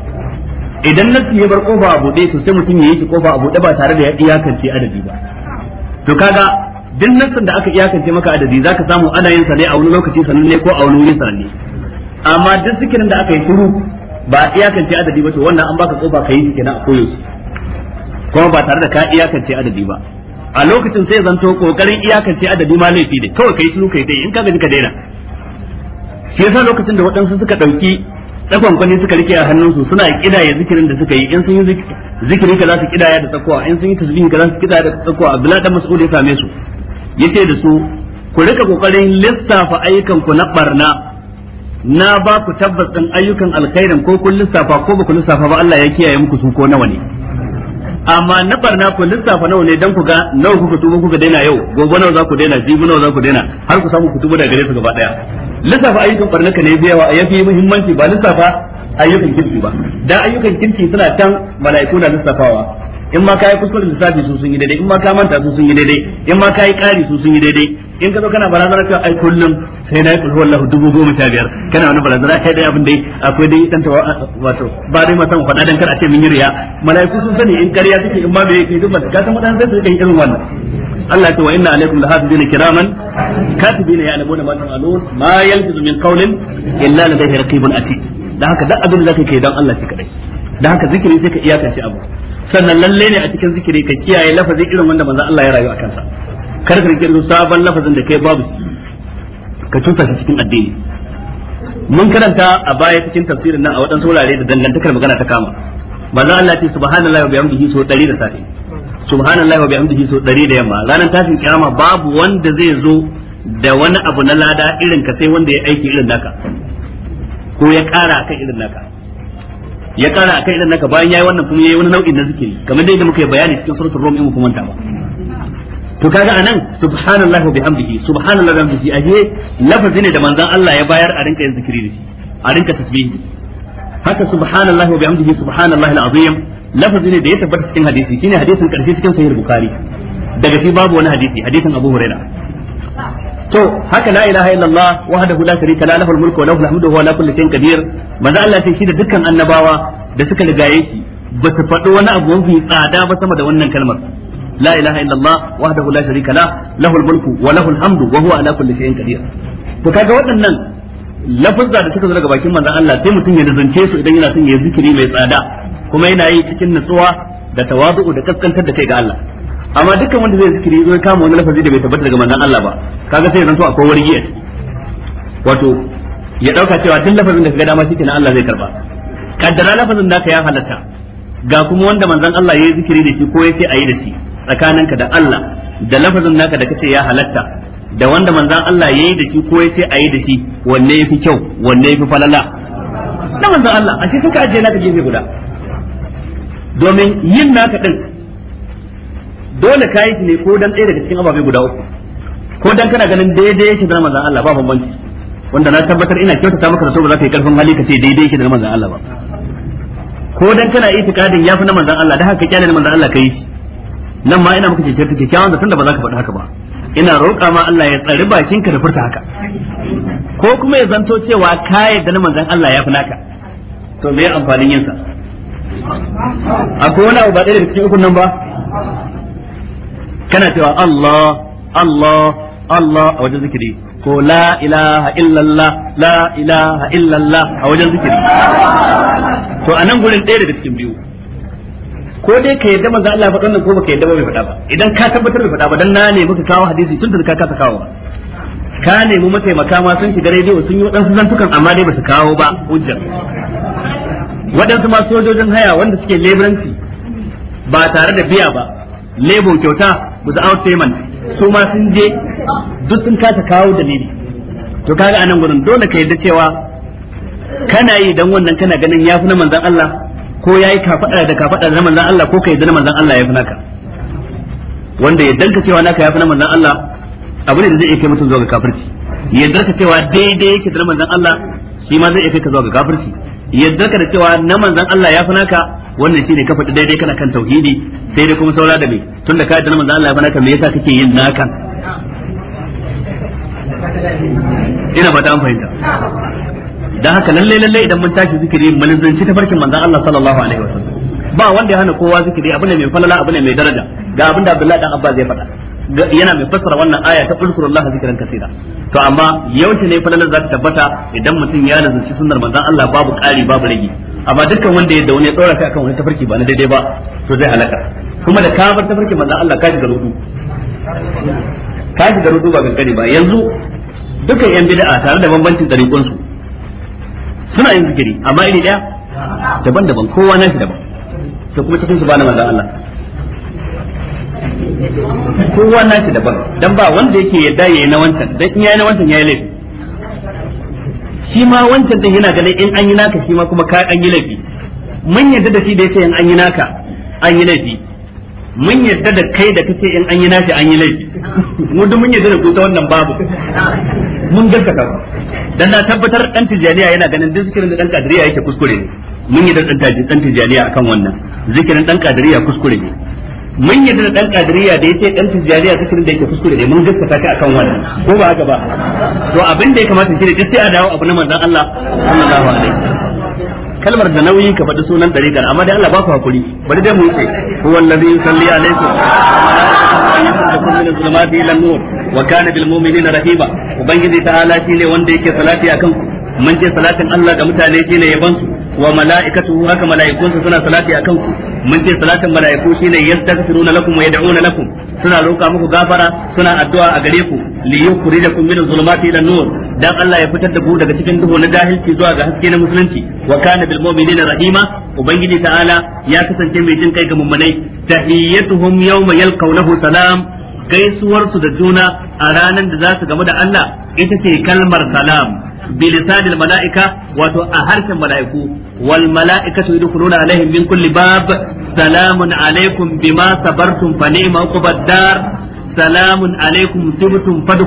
idan nasi ya bar kofa a buɗe to sai mutum ya yi shi kofa abu ɗaya ba tare da ya iyakance adadi ba to kaga duk nassin da aka iyakance maka adadi zaka samu ana yin sa ne a wani lokaci sannan ne ko a wani wuri sannan amma duk sikirin da aka yi turu ba a iyakance adadi ba to wannan an baka kofa kai yi kenan a koyaushe kuma ba tare da ka iyakance adadi ba a lokacin sai zanto kokarin iyakance adadi ma laifi ne kawai kai turu kai dai in ka gaji ka daina shi yasa lokacin da waɗansu suka ɗauki tsakon suka rike a hannunsu suna kidaya zikirin da suka yi in sun yi zikiri ka za su kidaya da tsakowa in sun yi tasbihi ka za su kidaya da tsakowa Abdullahi dan Mas'ud ya same su yace da su ku rika kokarin lissafa ayyukan ku na barna na ba ku tabbas din ayyukan alkhairin ko kun lissafa ko ba ku lissafa ba Allah ya kiyaye muku su ko nawa ne amma na barna ku lissafa nawa ne dan ku ga nawa kuka tuba kuka daina yau gobe nawa za ku daina jibi nawa za ku daina har ku samu ku tuba daga gare su gaba daya lissafa ayyukan barnaka ne biyawa a yafi muhimmanci ba lissafa ayyukan kirki ba da ayyukan kirki suna can mala'iku na lissafawa in ma kai kuskuren lissafi su sun yi daidai in ma ka manta su sun yi daidai in ma kai kari su sun yi daidai in ka zo kana barazana ka ai kullum sai na yi kulhu wallahu dubu goma sha biyar kana wani barazana kai dai abin da akwai dai dan tawa wato ba dai ma mu faɗa dan kar a ce min yi riya mala'iku sun sani in kariya suke in ma bai yi duk ba ka san wadannan sai su yi irin wannan Allah ya ce wa inna alaikum lahadina kiraman katibina ya'lamuna ma ta'malun ma yalfizu min qawlin illa ladayhi raqibun atid Da haka duk abin da zaka kai dan Allah shi kadai Da haka zikiri sai ka shi abu sannan lalle ne a cikin zikiri ka kiyaye lafazin irin wanda manzo Allah ya rayu a kansa kar ka rike sabon lafazin da kai babu ka tusa shi cikin addini mun karanta a baya cikin tafsirin nan a waɗansu wurare da dangantakar magana ta kama manzo Allah ce subhanallahi wa bihamdihi so 100 da safe subhanallahi wa bihamdihi so 100 da yamma ranar tashin kiyama babu wanda zai zo da wani abu na lada irin ka sai wanda ya aiki irin naka ko ya kara akan irin naka ya kara akan irin naka bayan yayi wannan kuma yayi wani nau'in na zikiri kamar dai da muka yi bayani cikin suratul rum in mu manta ba to kaga anan subhanallahi wa bihamdihi subhanallahi wa bihamdihi aje lafazi ne da manzon Allah ya bayar a rinka yin zikiri da shi a rinka tasbihi haka subhanallahi wa bihamdihi subhanallahi alazim lafazi ne da ya tabbata cikin hadisi shine hadisin karshe cikin sahih bukhari daga shi babu wani hadisi hadisin abu hurairah to haka la ilaha illallah wahdahu la sharika la lahul mulku wa lahul hamdu wa la kulli shay'in qadir manzo Allah sai shi da dukkan annabawa da suka rigaye shi ba su faɗi wani abu mafi tsada ba sama da wannan kalmar la ilaha illallah wahdahu la sharika la lahul mulku wa lahul hamdu wa huwa ala kulli shay'in qadir to kaga waɗannan lafazza da suka zo daga bakin manzon Allah sai mutum ya nazance su idan yana son ya zikiri mai tsada kuma yana yi cikin nutsuwa da tawazu'u da kaskantar da kai ga Allah amma dukkan wanda zai zikiri zo kama wani lafazi da bai tabbata daga manzon Allah ba kaga sai zanto akwai wargi wato ya dauka cewa duk lafazin da kaga dama shi kenan Allah zai karba kaddara lafazin ka ya halatta ga kuma wanda manzon Allah ya yi zikiri da shi ko ya ce a yi da shi tsakaninka da Allah da lafazin naka da kace ya halatta da wanda manzon Allah ya yi da shi ko ya ce a yi da shi wanne yafi kyau wanne yafi falala na manzon Allah a cikin ka ajiye naka gefe guda domin yin naka din dole ka yi ne ko dan ɗaya daga cikin ababe guda uku ko dan kana ganin daidai yake da manzon Allah ba bambanci wanda na tabbatar ina kyautata maka da to ba za ka yi karfin hali ka ce daidai yake da manzon Allah ba ko dan kana itikadin yafi na manzon Allah da haka kyale na manzon Allah kai nan ma ina maka ce take kyakkyawan zaton da ba za ka faɗi haka ba ina roƙa ma Allah ya tsari bakinka da furta haka ko kuma ya zanto cewa ka yadda na manzon Allah yafi naka to me amfanin yinsa akwai wani abu ba ɗaya da cikin ukun nan ba kana cewa Allah Allah Allah a wajen zikiri ko la ilaha illallah la ilaha illallah a wajen zikiri to anan gurin ɗaya da cikin biyu ko dai ka yadda manzo Allah ya faɗa ko baka yadda ba bai faɗa ba idan ka tabbatar bai faɗa ba dan na ne muka kawo hadisi tun da ka kasa kawo ka nemi mataimaka ma sun shiga rediyo sun yi waɗansu zantukan amma dai ba su kawo ba hujjar waɗansu ma sojojin haya wanda suke leburanci ba tare da biya ba lebo kyauta without payment su ma sun je duk sun kasa kawo dalili to kaga anan gurin dole ka yarda cewa kana yi dan wannan kana ganin yafi na manzon Allah ko yayi kafada da kafada na manzon Allah ko ka yi na manzon Allah yafi naka wanda ya danka cewa naka yafi na manzon Allah abu ne da zai iya kai mutum zuwa ga kafirci yadda ka cewa daidai yake da manzon Allah shi ma zai iya kai ka zuwa ga kafirci yadda ka da cewa na manzon Allah yafi naka wannan shine ka faɗi daidai kana kan tauhidi sai dai kuma saura da me tunda ka yarda manzo Allah ya bana ka me yasa kake yin nakan ina ba ta fahimta dan haka lalle lalle idan mun tashi zikiri mun zanci tafarkin manzo Allah sallallahu alaihi wasallam ba wanda ya hana kowa zikiri abu ne mai falala abu ne mai daraja ga abin da Abdullahi dan Abbas ya faɗa yana mai fassara wannan aya ta ulkurullah zikran kasira to amma yawanci ne falalar za ta tabbata idan mutum ya nazarci sunnar manzon Allah babu ƙari babu rage amma dukkan wanda ya da wani ya tsora kai akan wani tafarki ba na daidai ba to zai halaka kuma da ka bar tafarki manzo Allah ka shiga rudu ka shiga rudu ba gangare ba yanzu dukkan yan bid'a tare da bambancin dariƙun su suna yin zikiri amma iri daya daban-daban kowa nashi daban to kuma cikin su ba na manzon Allah kowa nashi daban dan ba wanda yake yadda yayi na wancan dan in yayi na wancan yayi laifi shi ma wancan din yana ganin in an yi naka shi ma kuma ka an yi laifi mun yadda da shi da yace in an yi naka an yi laifi mun yadda da kai da kace in an yi naka an yi laifi mu duk mun yadda da kuta ta wannan babu mun gaskata ka. dan na tabbatar dan tijaniya yana ganin duk zikirin dan kadiriya yake kuskure ne mun yadda dan tijaniya akan wannan zikirin dan kadiriya kuskure ne mun yadda da dan kadiriya da yace dan tijariya zikirin da yake kuskure ne mun gaskata shi akan wannan ko ba haka ba to abin da ya kamata shi ne duk sai a dawo abu na manzon Allah sallallahu alaihi kalmar da nauyi ka faɗi sunan dare dariƙar amma dai Allah ba ku hakuri bari dai mu yi huwa allazi yusalli alaikum يخرجكم من الظلمات الى النور وكان بالمؤمنين رحيما وبنجي wanda yake salati akan ku mun ce salatin Allah ga mutane shine ya bansu wa mala'ikatuhu haka mala'ikunsa suna salati akan ku mun ce salatin mala'iku shine yastaghfiruna lakum wa yad'una lakum suna roƙa muku gafara suna addu'a a gare ku li da min zulumati ila nur dan Allah ya fitar da ku daga cikin duhu na jahilci zuwa ga haske na musulunci wa kana bil na rahima ubangiji ta'ala ya kasance mai jin kai ga mummunai tahiyyatuhum yawma yalqawnahu salam gaisuwarsu da juna a ranar da za su gamu da Allah ita ce kalmar salam بلسان الملائكة mala'ika wato a harshen mala'iku من كل باب سلام عليكم kulli bab salamun alaikum bima سلام عليكم ni'ma uqbad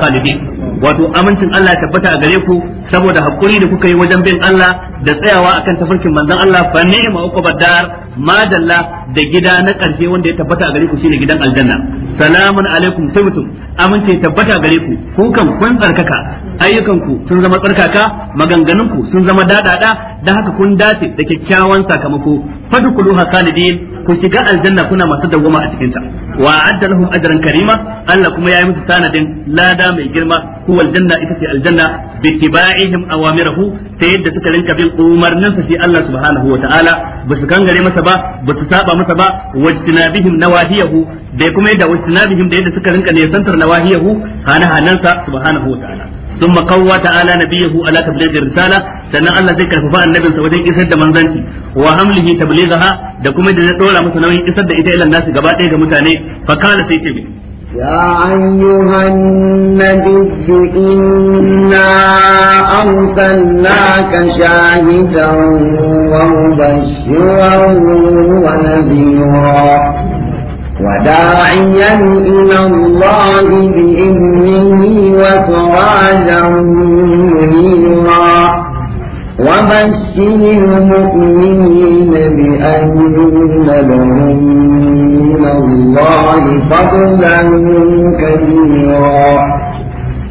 خالدين wato amincin Allah tabbata a gare ku saboda hakuri da kuka yi wajen bin Allah da tsayawa akan tafarkin manzon Allah fa ma uku dar madalla da gida na karshe wanda ya tabbata a gare ku shine gidan aljanna salamun alaikum tabbatum amince tabbata a gare ku kun kan kun tsarkaka ayyukanku sun zama tsarkaka maganganunku sun zama dadada da haka kun dace da kyakkyawan sakamako fadkhuluha khalidin ku shiga aljanna kuna masu dawwama a cikin ta wa adda lahum ajran karima Allah kuma yayi musu sanadin lada mai girma ku aljanna ita ce aljanna bi tibaihim awamirahu ta yadda suka rinka bin umarnin sa shi Allah subhanahu wa ta'ala ba su kangare masa ba ba su saba masa ba wajtinabihim nawahiyahu da kuma yadda wajtinabihim da yadda suka rinka ne santar nawahiyahu hana hanansa subhanahu wa ta'ala ثم قوى تعالى نبيه على تبليغ الرسالة سنة الله ذكر ففاء النبي صلى الله عليه وسلم وحمله تبليغها دكما دولة مسنوين إسد إلى الناس قبائل كمتاني فقال سيتمي يا أيها النبي إنا أرسلناك شاهدا ومبشرا ونذيرا وداعيا إلى الله بإذنه وسراجا منيرا وبشر المؤمنين بأن لهم من الله فضلا كبيرا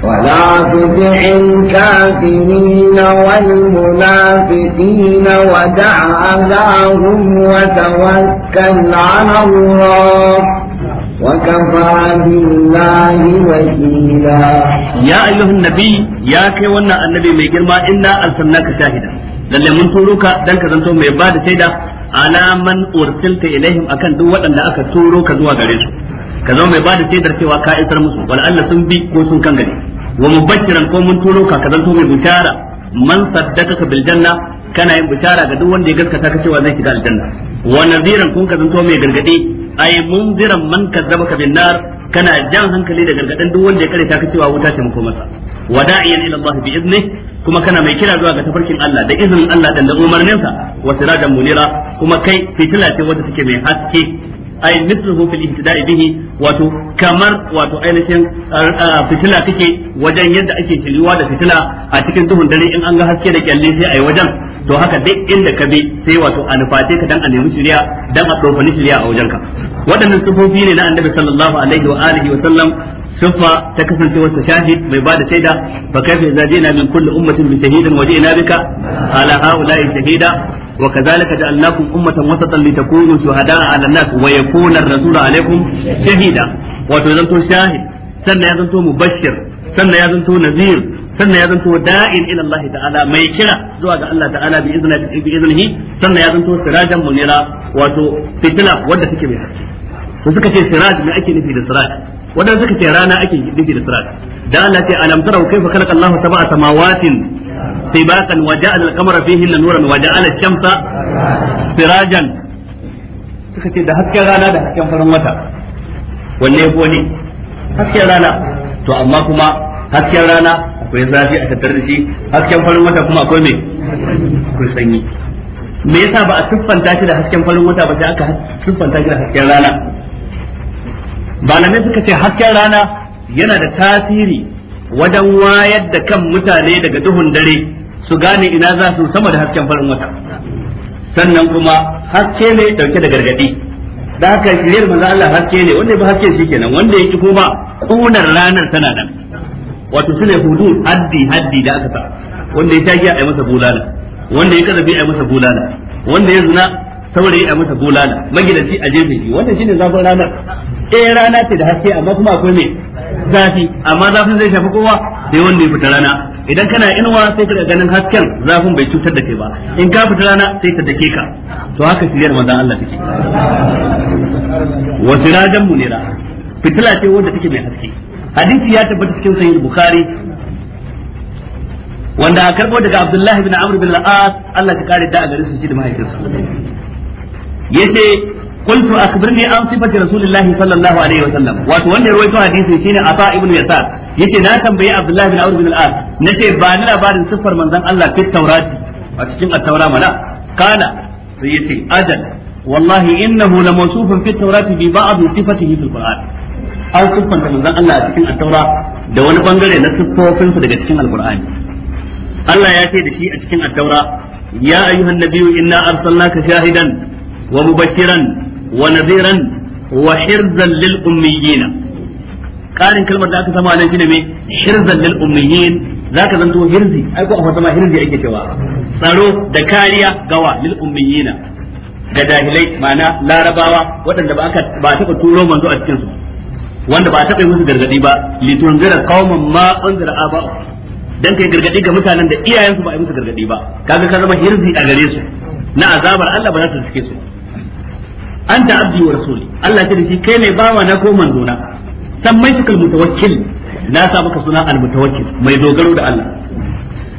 ولا تطع الكافرين والمنافقين ودع أذاهم وتوكل على الله وكفى بالله وكيلا يا أيها النبي يا كيوانا النبي ميجر ما إنا أرسلناك شاهدا lalle mun turo ka dan ka zanto mai ba da shaida alaman ursilta ilaihim akan duk waɗanda aka turo ka zuwa gare su ka zama mai bada shaidar cewa ka isar musu wal Allah sun bi ko sun kan gani wa mubashiran ko mun turo ka ka zanto mai bishara man saddaka bil janna kana yin bishara ga duk wanda ya gaskata ka cewa zai shiga aljanna wa nadhiran kun ka zanto mai gargadi ay munziran man kazzabaka bin nar kana jan hankali da gargadin duk wanda ya kare ta ka cewa wuta ce muku masa wa da'iyan ila Allah bi izni kuma kana mai kira zuwa ga tafarkin Allah da izinin Allah dan da umarninsa wa sirajan munira kuma kai fitila ce wanda take mai haske ay mithluhu fil ibtida'i bihi wato kamar wato ainihin fitila take wajen yadda ake kiriwa da fitila a cikin duhun dare in an ga haske da kyalle sai ayi wajen to haka duk inda ka bi sai wato a nufate ka dan a nemi shiriya dan a tsofani shiriya a wajenka waɗannan sufofi ne na annabi sallallahu alaihi wa alihi wa sallam siffa ta kasance wata shahid mai bada shaida fa kaifa idza jina min kulli ummatin bi shahidin wa jina bika ala haula'i shahida وكذلك جعلناكم أمة وسطا لتكونوا شهداء على الناس ويكون الرسول عليكم شهيدا وتزنتم شاهد سنة يزنتم مبشر سنة يزنتم نذير sannan ya zanto da'in ila Allah ta'ala mai kira zuwa ga Allah ta'ala bi iznihi bi iznihi sannan ya zanto sirajan munira wato fitila wanda take mai haske to suka ce siraj me ake nufi da siraj wadanda suka ce rana ake nufi da sirat da Allah ce alam tarau kaifa khalaqa Allahu sab'a samawatin sibaqan wa ja'ala al-qamara fihi nuran wa ja'ala ash-shamsa sirajan suka ce da hasken rana da hasken farin wata wanne ko ne hasken rana to amma kuma hasken rana akwai zafi a tattare da shi hasken farin wata kuma akwai me akwai sanyi me yasa ba a siffanta shi da hasken farin wata ba sai aka siffanta shi da hasken rana malamai suka ce hasken rana yana da tasiri wajen wayar da kan mutane daga duhun dare su gane ina za su sama da hasken farin wata sannan kuma haske ne dauke da gargadi da haka shirin maza Allah haske ne wanda ba haske shi kenan wanda ya ki kuma kunar ranar tana nan wato sune hudud haddi haddi da aka sa wanda ya tagiya a masa bulala wanda ya kazabi a masa bulala wanda ya zina saurayi a masa bulala magidanci a jefe shi wannan shine zafin ranar eh rana ce da haske amma kuma akwai ne zafi amma zafin zai shafi kowa sai wanda ya fita rana idan kana inuwa sai ka ganin hasken zafin bai cutar da kai ba in ka fita rana sai ta dake ka to haka siriyar manzon Allah take wa sirajan munira fitila ce wanda take mai haske hadisi ya tabbata cikin sahih bukhari wanda a karbo daga Abdullah ibn Amr bin al-As Allah ka kare da a garin shi da mahaifinsa yace قلت اخبرني عن صفه رسول الله صلى الله عليه وسلم wato wanda ya rawaito hadisi shine Ata ibn Yasar yace na tambayi Abdullah bin Awr bin al-As ba ni labarin siffar manzon Allah fi Taurati a cikin at-Taura mana kana sai yace ajal wallahi innahu la mawsufun fi Taurati bi ba'd sifatihi fil Qur'an an siffanta manzon Allah a cikin at-Taura da wani bangare na siffofinsa daga cikin al-Qur'ani Allah ya ce da shi a cikin at-Taura ya na nabiyyu ka arsalnaka idan wa mubashiran ونذيرا وحرزا للأميين قارن كلمة ذاك سما أنا شنو حرزا للأميين ذاك زنتو هرزي أكو أفا سما هرزي ake شوا tsaro da kariya gawa lil ummiyina ga jahilai ma'ana larabawa waɗanda ba aka ba taɓa turo manzo a cikinsu su wanda ba taɓa musu gargadi ba dan kai gargadi ga mutanen da iyayensu ba a musu gargadi ba kaga ka zama hirzi a gare su na azabar Allah ba za ta cike su anta abdi wa rasuli Allah ya ce kai ne bawa na ko manzo na sammaituka almutawakkil na sa maka suna almutawakkil mai dogaro da Allah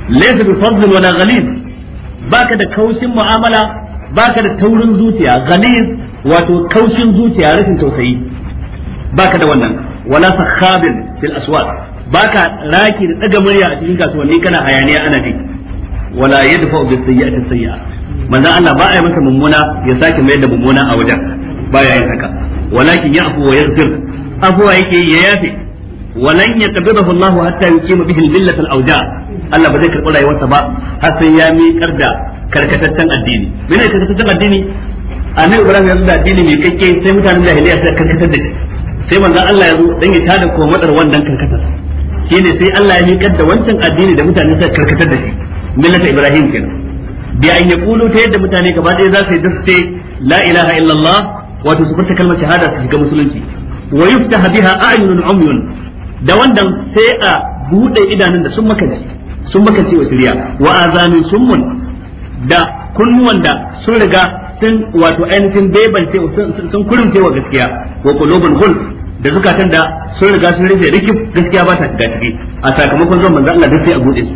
laysa bi fadl wala ghaliz baka da kaushin mu'amala baka da taurin zuciya ghaliz wato kaushin zuciya rashin tausayi baka da wannan wala sakhabin fil aswaq baka raki da daga murya a cikin kasuwanni kana hayaniya ana ji wala yadfa bi sayyi'ati sayyi'a manzon Allah ba a yi masa mummuna ya sake mayar da mummuna a wajen ba ya yin haka walakin afu wa yaghfir afuwa yake ya yafe walan yaqbidahu Allah hatta yuqima bihi al-millat al-awja Allah ba zai karɓi rayuwarsa ba har sai ya miƙar da karkataccen addini mene karkataccen addini annabi Ibrahim ya da addini mai kakke sai mutanen jahiliya suka karkatar da shi sai manzon Allah ya zo dan ya tada komadar wannan karkatar shine sai Allah ya miƙar da wancan addini da mutane suka karkatar da shi millata Ibrahim kenan bi an yaqulu ta yadda mutane gaba ɗaya za su yi dace la ilaha illallah wato su furta kalmar shahada su shiga musulunci wa yuftaha biha a'yunun umyun da wannan sai a bude idanun da sun makanci sun makanci wa shirya wa azami summun da kunnuwan da sun riga sun wato ainihin bebance sun kurumce wa gaskiya wa qulubul ghul da zukatan da sun riga sun rufe rikif gaskiya ba ta shiga a sakamakon zuwan manzo Allah da sai a bude su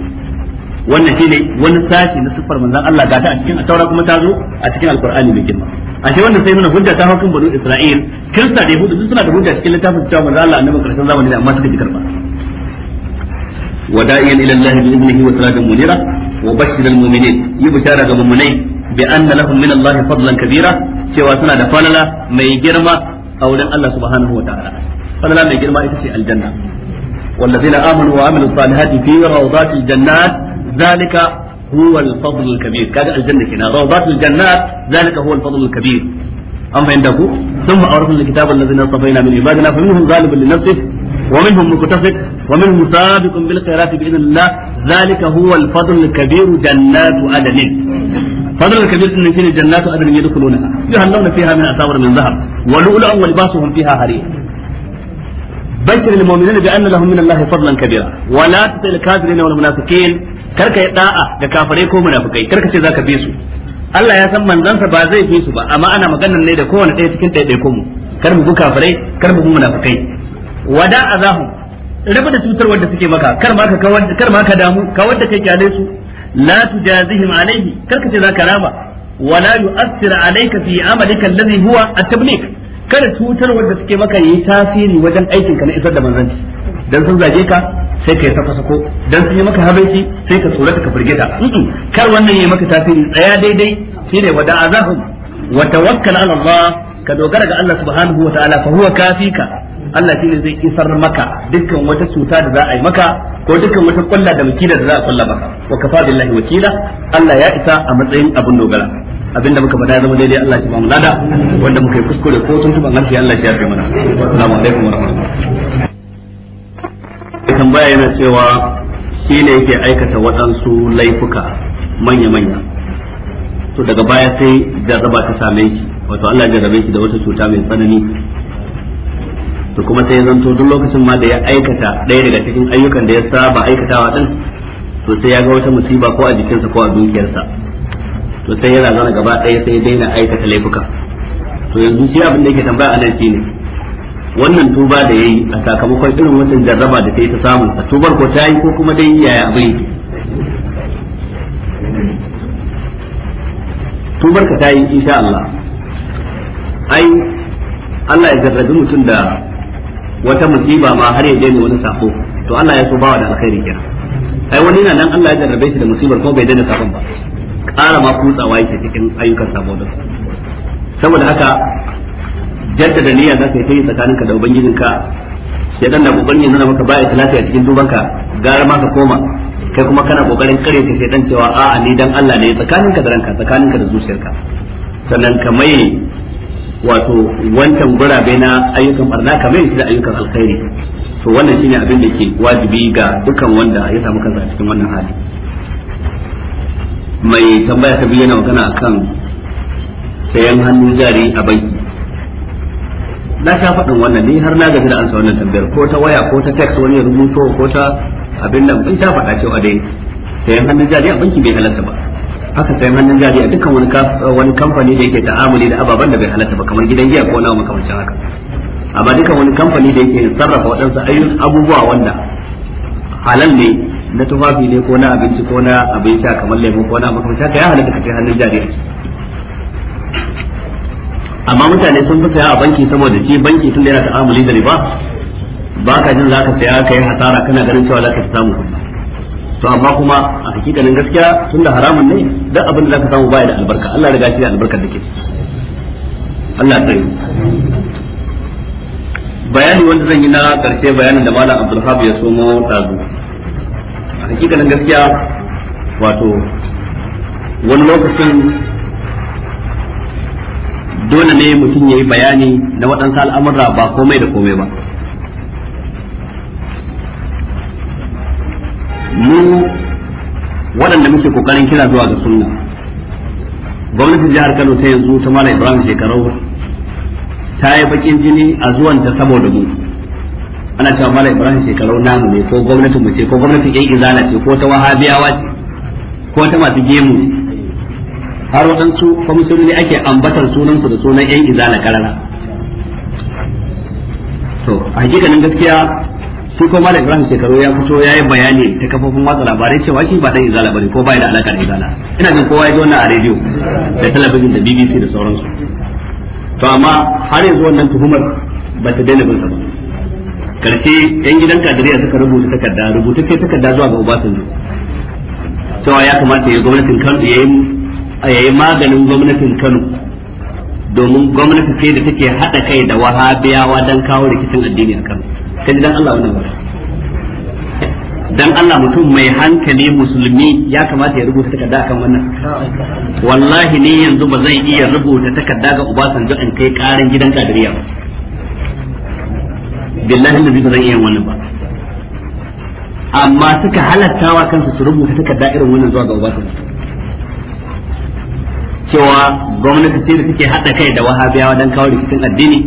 wannan ne wani sashi na siffar manzon Allah ga ta a cikin taura kuma ta zo a cikin alkurani mai girma a shi wannan sai nuna hujja ta hukum banu isra'il kirista da yahudu duk suna da hujja cikin littafin cewa manzon Allah annabi karshen zamani ne amma suka ji karba وداعيا الى الله باذنه وسراجا منيرا وبشر المؤمنين يبشر المؤمنين بان لهم من الله فضلا كبيرا cewa suna da falala mai girma a wurin Allah subhanahu wa ta'ala falala mai girma ita ce aljanna والذين امنوا وعملوا الصالحات في روضات الجنات zalika huwa al-fadl al-kabir kaga aljanna kenan rawdatul jannat zalika huwa al kabir an fahimta sun ma'aurafin likitabin lazina safaina min ibadina fa minhum zalibun li nafsihi wa minhum muqtasid wa minhum sabiqun bil khairati bi idhnillah zalika huwa al fadl al kabir jannatu adn fadl kabir din shine jannatu min min بشر المؤمنين بأن لهم من الله فضلا كبيرا ولا تطع الكافرين والمنافقين kar ka yi da'a ga kafare ko munafikai kar ka ce zaka bi su Allah ya san manzansa ba zai bi su ba amma ana maganar ne da kowane ɗaya cikin ɗaiɗaikon mu kar mu bi kafare kar mu bi munafikai wada azahum rabu da cutar wanda suke maka kar ma ka kar ma ka damu ka wanda kai kyale su la tujazihim alaihi kar ka ce zaka rama wala yu'assir alayka fi amalika alladhi huwa at-tabliq kada cutar wanda suke maka yi tasiri wajen aikin ka na isar da manzanci dan sun zage ka sai ka yi sako sako dan sun yi maka habaici sai ka tsorata ka firgita kar wannan yi maka tasiri tsaya daidai shine wada azahum wa tawakkal ala Allah ka dogara ga Allah subhanahu wa ta'ala fa huwa kafika Allah ne zai isar maka dukkan wata cuta da za a yi maka ko dukkan wata kulla da makida da za a kulla maka wa kafa billahi wakila Allah ya isa a matsayin abun dogara abinda muka faɗa zama daidai Allah ya ba mu lada wanda muka yi kuskure ko tun tuban Allah ya yafe mana assalamu alaikum wa rahmatullahi tambaya yana cewa shi ne yake aikata waɗansu laifuka manya-manya to daga baya sai jarraba ta same shi wato Allah jarrabe shi da wata cuta mai tsanani to kuma sai to duk lokacin ma da ya aikata ɗaya daga cikin ayyukan da ya saba aikatawa din to sai ya ga wata musiba ko a jikinsa ko a dukiyarsa to sai yana zana gaba ɗaya sai daina aikata laifuka to yanzu shi abin da yake tambaya a nan shine wannan tuba da yayi a sakamakon irin wannan jarraba da kai ta samu a tubar ko ta yi ko kuma dai yaya abin yake tubar ka ta yi insha Allah ai Allah ya jarrabi mutum da wata musiba ma har ya daina wani sako to Allah ya so bawa da alkhairi kenan ai wani na nan Allah ya jarrabe shi da musibar ko bai daina sakon ba kara ma kutsawa yake cikin ayyukan sabo da saboda haka jaddada niyya za ka yi tayi tsakaninka da ubangijinka sai dan na ubangijin ya nuna maka baya talata a cikin dubanka gara ma ka koma kai kuma kana kokarin kare ka sai dan cewa a'a ni dan Allah ne tsakaninka da ranka tsakaninka da zuciyarka sannan ka mai wato wancan gurabe na ayyukan barna ka mai shi da ayyukan alkhairi to wannan shine abin da ke wajibi ga dukkan wanda ya samu kansa a cikin wannan hali mai tambaya ta biyana magana akan sayan hannun jari a banki na sha faɗin wannan ni har na gaji da ansa wannan tambayar ko ta waya ko ta text wani rubuto ko ta abin nan in ta faɗa cewa dai sayan hannun jari a banki bai halatta ba haka sayan hannun jari a dukkan wani wani kamfani da yake ta'amuli da ababen da bai halatta ba kamar gidan giya ko nawa makamancin haka amma dukkan wani kamfani da yake sarrafa waɗansu ayyukan abubuwa wanda halal ne na tufafi ne ko na abinci ko na abin sha kamar lemu ko na makamancin haka ya halatta ka kai hannun jari amma mutane sun fi saya a banki saboda shi banki tun da yana ta'amuli da riba ba ka jin za ka saya ka yi hasara kana ganin cewa za ka samu kuɗi to amma kuma a hakikanin gaskiya tun da haramun ne duk abin da za ka samu baya da albarka Allah riga shi da albarkar da ke Allah tsaye bayani wanda zan yi na karshe bayanin da malam Abdulhab ya somo tazu a hakikanin gaskiya wato wani lokacin dole ne mutum ya yi bayani na waɗansu al'amurra ba komai da komai ba mu waɗanda muke kokarin kira zuwa ga sunna gwamnatin jihar kano ta yanzu ta mala ibrahim shekarau ta yi bakin jini a zuwanta saboda mu ana cewa mala ibrahim shekarau namu ne ko gwamnatin mu ce ko gwamnatin yan izala ce ko ta wahabiyawa ce ko ta masu gemu har waɗansu kwamishinoni ake ambatar sunansu da sunan yan izala karara to a hakikanin gaskiya su ko malam ibrahim shekaru ya fito ya yi bayani ta kafofin watsa labarai cewa shi ba dan izala bane ko bai da alaka da izala ina jin kowa ya ji wannan a rediyo da talabijin da bbc da sauransu to amma har yanzu wannan tuhumar ba ta daina bin sa ba karshe yan gidan kadiriya suka rubuta takarda ce takarda zuwa ga obasanjo cewa ya kamata ya gwamnatin kan ya yi a yayi maganin gwamnatin Kano domin gwamnati ce da take hada kai da wahabiyawa dan kawo rikicin addini a Kano kaji dan Allah wannan bara dan Allah mutum mai hankali musulmi ya kamata ya rubuta takarda kan wannan wallahi ni yanzu ba zan iya rubuta takarda ga Obasanjo in kai karin gidan Kadiriya ba billahi nabi ba zan iya wannan ba amma suka halattawa kansu su rubuta takarda irin wannan zuwa ga Obasanjo cewa gwamnati ce da suke hada kai da wahabiyawa don kawo rikicin addini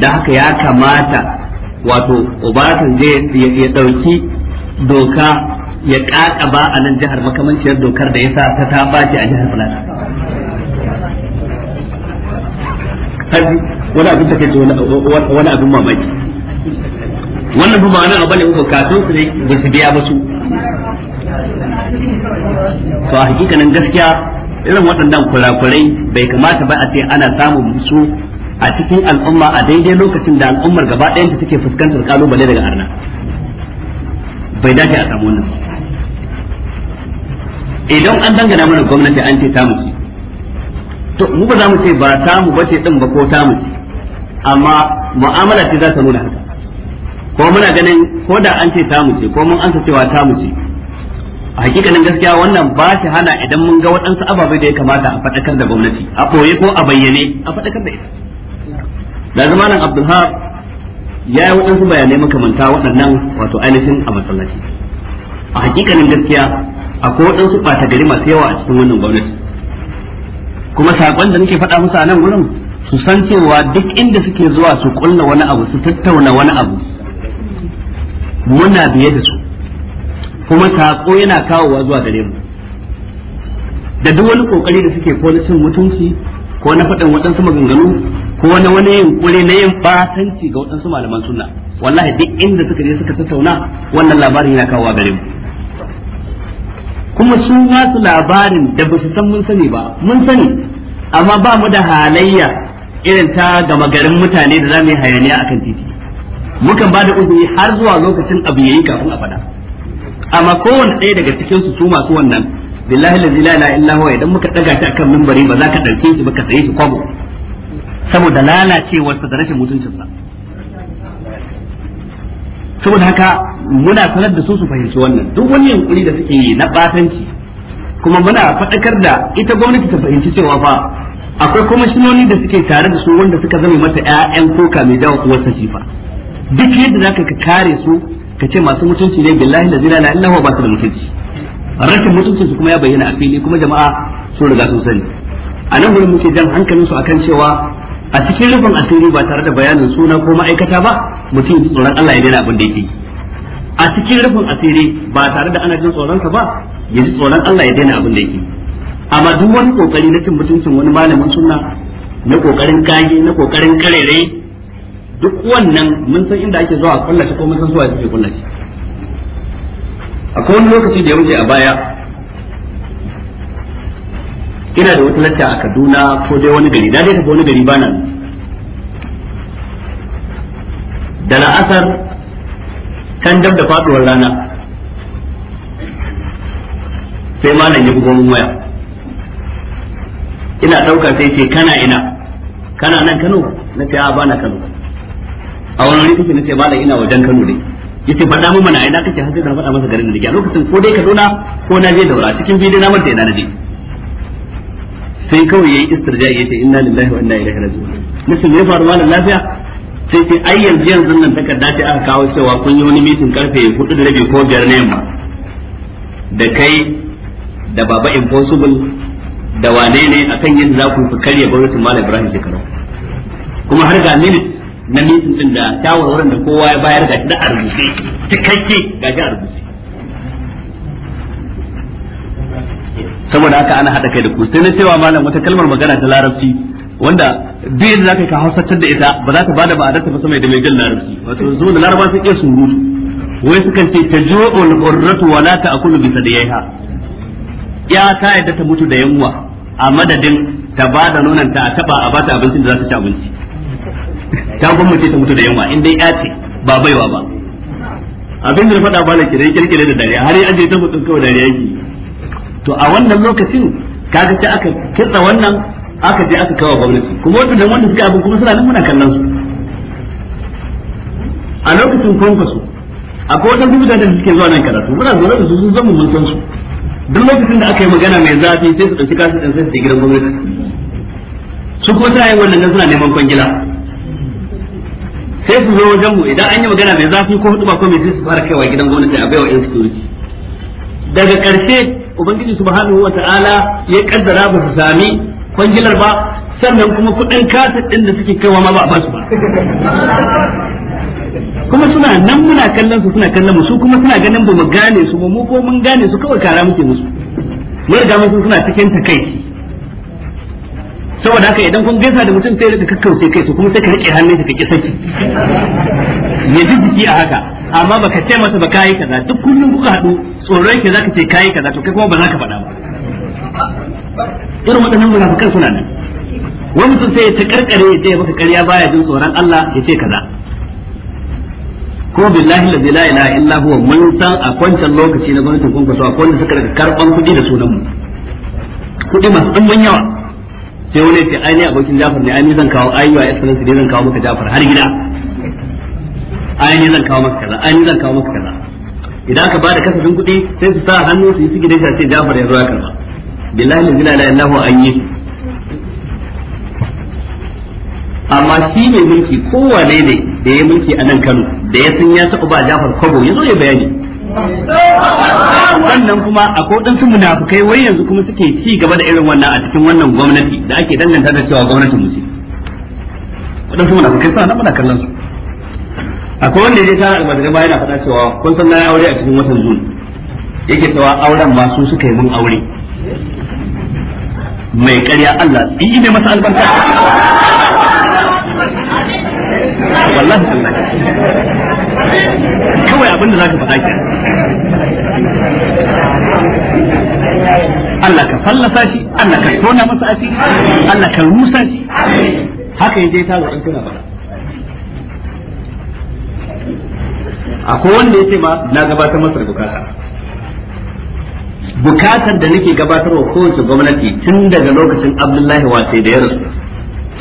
da haka ya kamata wato ubatan zai ya dauki doka ya ba a nan jihar makamanciyar dokar da ya sa ta ta bace a jihar fulani wani abin take ce wani abin mamaki wannan ba ma'ana abu ne uku kafin su ne ba su biya ba su to a hakikanin gaskiya irin waɗannan kurakurai bai kamata ba a ce ana samun su a cikin al'umma a daidai lokacin da al'ummar gaba ta take fuskantar kalubale daga arna bai dace a samu wannan idan an dangana mana gwamnati an ce tamu to mu ba za mu ce ba tamu ba ce din ba ko tamu amma mu'amala ce za ta nuna haka ko muna ganin ko da an ce tamu ce ko mun ansa cewa tamu ce a hakikanin gaskiya wannan ba shi hana idan mun ga waɗansu ababai da ya kamata a faɗakar da gwamnati a ɓoye ko a bayyane a faɗakar da ita da zama nan ya yi waɗansu bayanai makamanta waɗannan wato ainihin a masallaci a hakikanin gaskiya akwai waɗansu ɓata gari masu yawa a cikin wannan gwamnati kuma saƙon da nake faɗa musu a nan wurin su san cewa duk inda suke zuwa su ƙulla wani abu su tattauna wani abu muna biye da su kuma tako yana kawowa zuwa gare mu da duk wani kokari da suke ko na cin mutunci ko na faɗin waɗansu maganganu ko na wani yunkuri na yin batanci ga waɗansu malaman sunna wallahi duk inda suka je suka tattauna wannan labarin yana kawowa gare mu kuma su nasu labarin da ba su san mun sani ba mun sani amma ba mu da halayya irin ta gama garin mutane da za mu yi hayaniya akan titi mukan ba da uzuri har zuwa lokacin abu yi kafin a faɗa amma kowanne ɗaya daga cikin su su masu wannan billahi la ilaha illa huwa idan muka daga ta kan minbari ba za ka dauke shi ba ka tsaye shi kwabo saboda lalacewar sa da rashin mutuncin sa saboda haka muna sanar da su su fahimci wannan duk wani yunkuri da suke yi na batanci kuma muna faɗakar da ita gwamnati ta fahimci cewa fa akwai kwamishinoni da suke tare da su wanda suka zama mata 'ya'yan koka mai dawo kuwar sa fa duk yadda za ka kare su ka ce masu mutunci ne billahi da zina na ina ba su da mutunci rashin mutunci su kuma ya bayyana a fili kuma jama'a sun riga sun sani a nan gurin muke jan hankalinsu kan cewa a cikin rufin asiri ba tare da bayanin suna ko ma'aikata ba mutum tsoron Allah ya daina abin da yake a cikin rufin asiri ba tare da ana jin tsoronsa ba ya ji tsoron Allah ya daina abin da yake amma duk wani kokari na cin mutuncin wani malamin suna na kokarin kage na kokarin karerai duk wannan mun san inda ake zuwa kullace ko mun san suwa kulla kullace akwai wani lokaci da ya wuce a baya ina da wata lacca a Kaduna ko dai wani gari da dai tafi wani gari bana da la'asar can dab da faduwar rana sai malam ya bugo mun waya ina ɗauka sai ce kana ina kana nan Kano na ce a bana Kano a wani wani kake nace malam ina wajen Kano ne yace faɗa mu mana ina kake haka da faɗa masa garin da nake a lokacin ko dai Kaduna ko na je Daura cikin bidiyo na manta ina na je sai kawai yayi istirja yace inna lillahi wa inna ilaihi raji'un nace me ya faru malam lafiya sai sai ai yanzu yanzu nan takarda ce aka kawo cewa kun yi wani mitin karfe 4 da rabi ko 5 na yamma da kai da baba impossible da wane ne akan yadda za ku fi karya gwamnatin malam Ibrahim shekaru kuma har ga minute na nisan din da shawarwarin da kowa ya bayar ga da a rubuce cikakke ga shi a rubuce saboda haka ana haɗa kai da ku sai na cewa malam wata kalmar magana ta larabci wanda duk yadda zaka ka hausatar da ita ba za ta bada ta ba sama da mai jin larabci wato zo da laraba sai ke surutu wai sukan ce ta taju'ul qurratu wa la ta'kulu bi sadiyaiha ya ta yadda ta mutu da yunwa a madadin ta bada nonanta a taba a bata abincin da za ta ci abinci ta gwamnati ta mutu da yamma in dai ya ce ba baiwa ba abin da na faɗa bala kire kirkire da dariya har ya ta mutum kawai dariya yake to a wannan lokacin kaga ta aka kitsa wannan aka je aka kawo gwamnati kuma wanda dan wanda suka abin kuma suna nan muna kallon su a lokacin kwankwaso akwai wajen gudu da suke zuwa nan karatu muna zuwa da su sun zama mun san su duk lokacin da aka yi magana mai zafi sai su ɗauki kasu ɗin sai su je gidan gwamnati su kuma ta yin wannan suna neman kwangila sai su zo wajen mu idan an yi magana mai zafi ko hudu ba ko mai sai su fara kaiwa gidan gwamnati a baiwa yan security daga karshe ubangiji subhanahu wata'ala ya kaddara ba su sami kwangilar ba sannan kuma kudin katin din da suke kaiwa ma ba a basu ba kuma suna nan muna kallon su suna kallon mu su kuma suna ganin ba mu gane su mu ko mun gane su kawai kara muke musu mun riga mun suna cikin takaici saboda haka idan kun gaisa da mutum sai da kakkauce kai su kuma sai ka rike hannun ka ki saki ya ji jiki a haka amma baka ce masa ba kai kaza duk kullum kuka hadu tsoron ki zaka ce kai kaza to kai kuma ba zaka faɗa ba irin waɗannan munafikan suna nan wani mutum sai ta karkare ya ce maka ƙarya baya jin tsoron Allah ya ce kaza ko billahi la ilaha illa huwa mun san a kwancan lokaci na gwamnatin kwankwaso a wanda suka daga karban kuɗi da sunan mu kuɗi masu ɗumbin yawa sai wani ce ai ne abokin Jafar ne ai ni zan kawo ai wa excellence ne zan kawo maka Jafar har gida ai ni zan kawo maka kaza ai ni zan kawo maka kaza idan aka bada kasafin kuɗi sai su sa hannu su yi su gidan shi Jafar ya zo ya karba billahi la ilaha illallah an yi amma shi ne mulki kowane ne da ya mulki a nan Kano da ya san ya taɓa ba Jafar Kobo ya zo ya bayani sannan kuma a kodansu munafukai wai yanzu kuma suke ci gaba da irin wannan a cikin wannan gwamnati da ake danganta da cewa gwamnatin mu ce waɗansu munafukai suna nan muna kallon su akwai wanda ya je tara almajirai ma yana faɗa cewa kun san na aure a cikin watan jun yake cewa auren ma su suka yi mun aure mai ƙarya Allah yi ne masa albarka wallahi Allah kawai abin da zaka faɗa ki Allah ka fallasa shi Allah ka tona masa asiri Allah ka rusa shi haka yaje ta zo an tuna ba akwai wanda yace ma na gabatar masa da bukata bukatar da nake gabatarwa kowace gwamnati tun daga lokacin Abdullahi wasai da ya rasu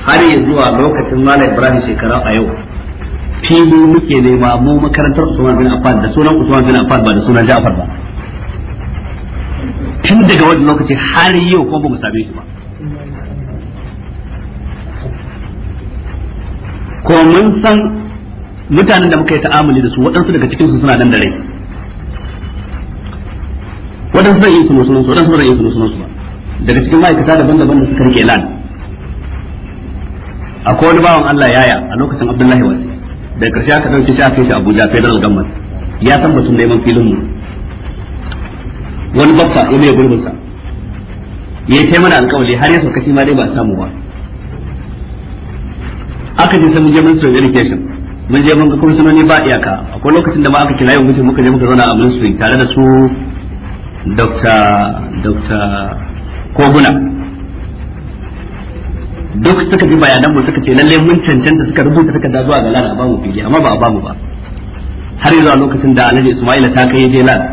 har ya zuwa lokacin malam ibrahim shekara a yau fili muke nema mu makarantar usman bin affan da sunan usman bin affan ba da sunan ja'far ba tun daga wannan lokaci har yau ko ba mu same shi ba ko mun san mutanen da muka yi ta'amuli da su waɗansu daga cikin su suna dan da rai waɗansu zai yi su musulunsu waɗansu zai yi su musulunsu ba daga cikin ma'aikata daban-daban da suka rike lana akwai wani bawan Allah yaya a lokacin Abdullahi wasi da karshe aka dauke shi aka kai shi Abuja Federal Government ya san batun neman filin mu wani babba ya mai gurbin sa ya kai mana alƙawari har ya sauka shi ma dai ba samu ba aka je sai mun je Ministry of Education mun je mun ga kursunoni ba iyaka akwai lokacin da ma aka kira yau muka je muka zauna a Ministry tare da su Dr. Dr. Koguna duk suka bi bayanan mu suka ce lalle mun cancanta suka rubuta takarda zuwa ga lana ba mu fili amma ba a ba mu ba har yanzu lokacin da Alhaji Isma'ila ta kai je lana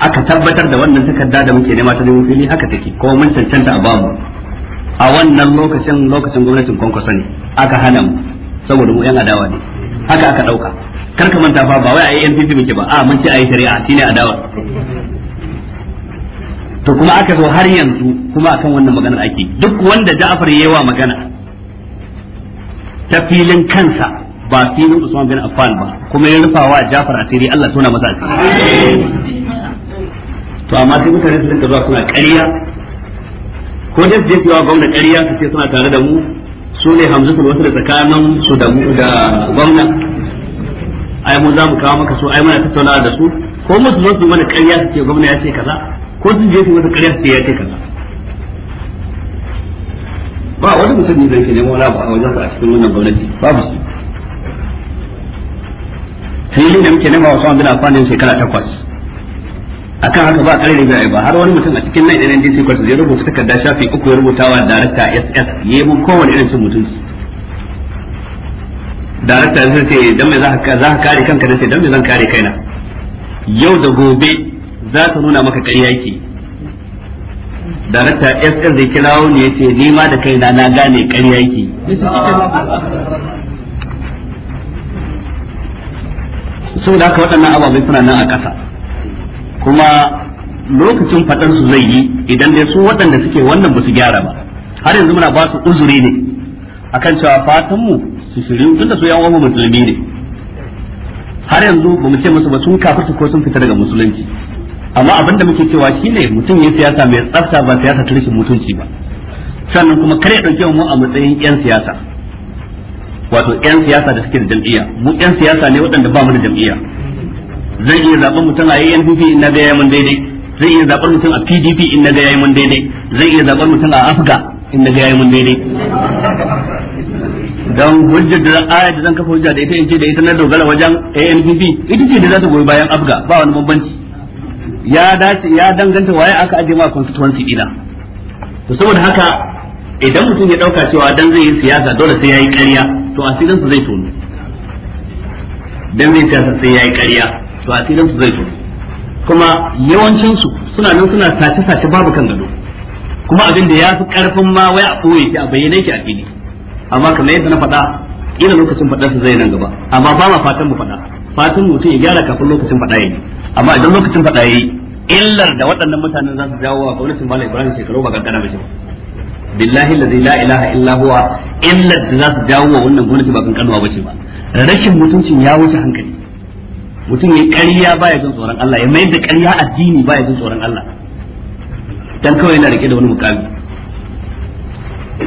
aka tabbatar da wannan takarda da muke nema ta nemo fili haka take kuma mun cancanta a ba mu a wannan lokacin lokacin gwamnatin kwankwasa ne aka hana mu saboda mu yan adawa ne haka aka dauka kar ka manta fa ba wai a yi NPP muke ba a mun ce a yi shari'a shine adawa to kuma aka zo har yanzu kuma akan wannan maganar ake duk wanda Ja'far yayi wa magana ta filin kansa ba filin Usman bin Affan ba kuma ya rufa wa Ja'far asiri Allah tona masa asiri to amma sai mutane su dinka zuwa suna ƙarya ko dai su je su yi wa gwamna ƙarya su ce suna tare da mu su ne hamzatul wasu da tsakanin su da gwamna ai mu za mu kawo maka su ai muna tattaunawa da su ko musu zo su mana ƙarya su ce gwamna ya ce kaza ko sun je su wata kariya da ya kai kaza ba wani mutum zai yake nemo wani abu a wajen sa a cikin wannan gwamnati babu su yi da muke nema wasu wanda na kwanin shekara takwas akan haka ba kare da ba har wani mutum a cikin nan idan DC course zai rubuta takarda shafi uku ya rubutawa darakta SS ya yi kowane irin cin mutum darakta zai ce don me za ka kare kanka nace dan me zan kare kaina yau da gobe za ta nuna maka ƙarya yake darakta ss zai kira ne ya ce ni ma da kaina na gane ƙarya yake so da aka waɗannan ababai suna nan a ƙasa kuma lokacin faɗar su zai yi idan dai su waɗanda suke wannan ba su gyara ba har yanzu muna ba su uzuri ne akan cewa fatanmu mu su shiri tunda su musulmi ne har yanzu ba mu ce musu ba sun kafirta ko sun fita daga musulunci amma abin da muke cewa shine mutum ya siyasa mai tsafta ba siyasa ta rashin mutunci ba sannan kuma kare ya dauke mu a matsayin yan siyasa wato yan siyasa da suke da jam'iyya mu yan siyasa ne waɗanda ba mu da jam'iyya zan iya zaɓar mutum a ANPP in na ga yayi mun daidai zan iya zaɓar mutum a PDP in na ga yayi mun daidai zan iya zaɓar mutum a AFGA in na ga yayi mun daidai dan hujjar da aya da zan kafa hujja da ita in ce da ita na dogara wajen ANPP ita ce da za ta goyi bayan AFGA ba wani bambanci ya dace ya danganta waye aka aje ma constituency dina to saboda haka idan mutum ya dauka cewa dan zai yi siyasa dole sai yayi ƙarya to asirin su zai tono dan zai siyasa sai yayi ƙarya to asirin su zai tono kuma yawancin su suna nan suna sace sace babu kan gado kuma abin da ya fi karfin ma wai a koye shi a bayyane shi a fili amma kamar yadda na faɗa ina lokacin faɗar su zai nan gaba amma ba ma fatan mu faɗa fatan mutum ya gyara kafin lokacin faɗa yayi amma idan lokacin faɗa yayi illar da waɗannan mutanen za su jawo a gwamnatin Malam Ibrahim shekaru ba kankana ba shi billahi allazi la ilaha illa huwa illar da za su jawo wa wannan gwamnati ba kankanuwa ba ce ba rashin mutuncin ya wuce hankali mutum ya ƙarya ya jin tsoron Allah ya mayar da ƙarya addini ya jin tsoron Allah dan kawai yana rike da wani mukami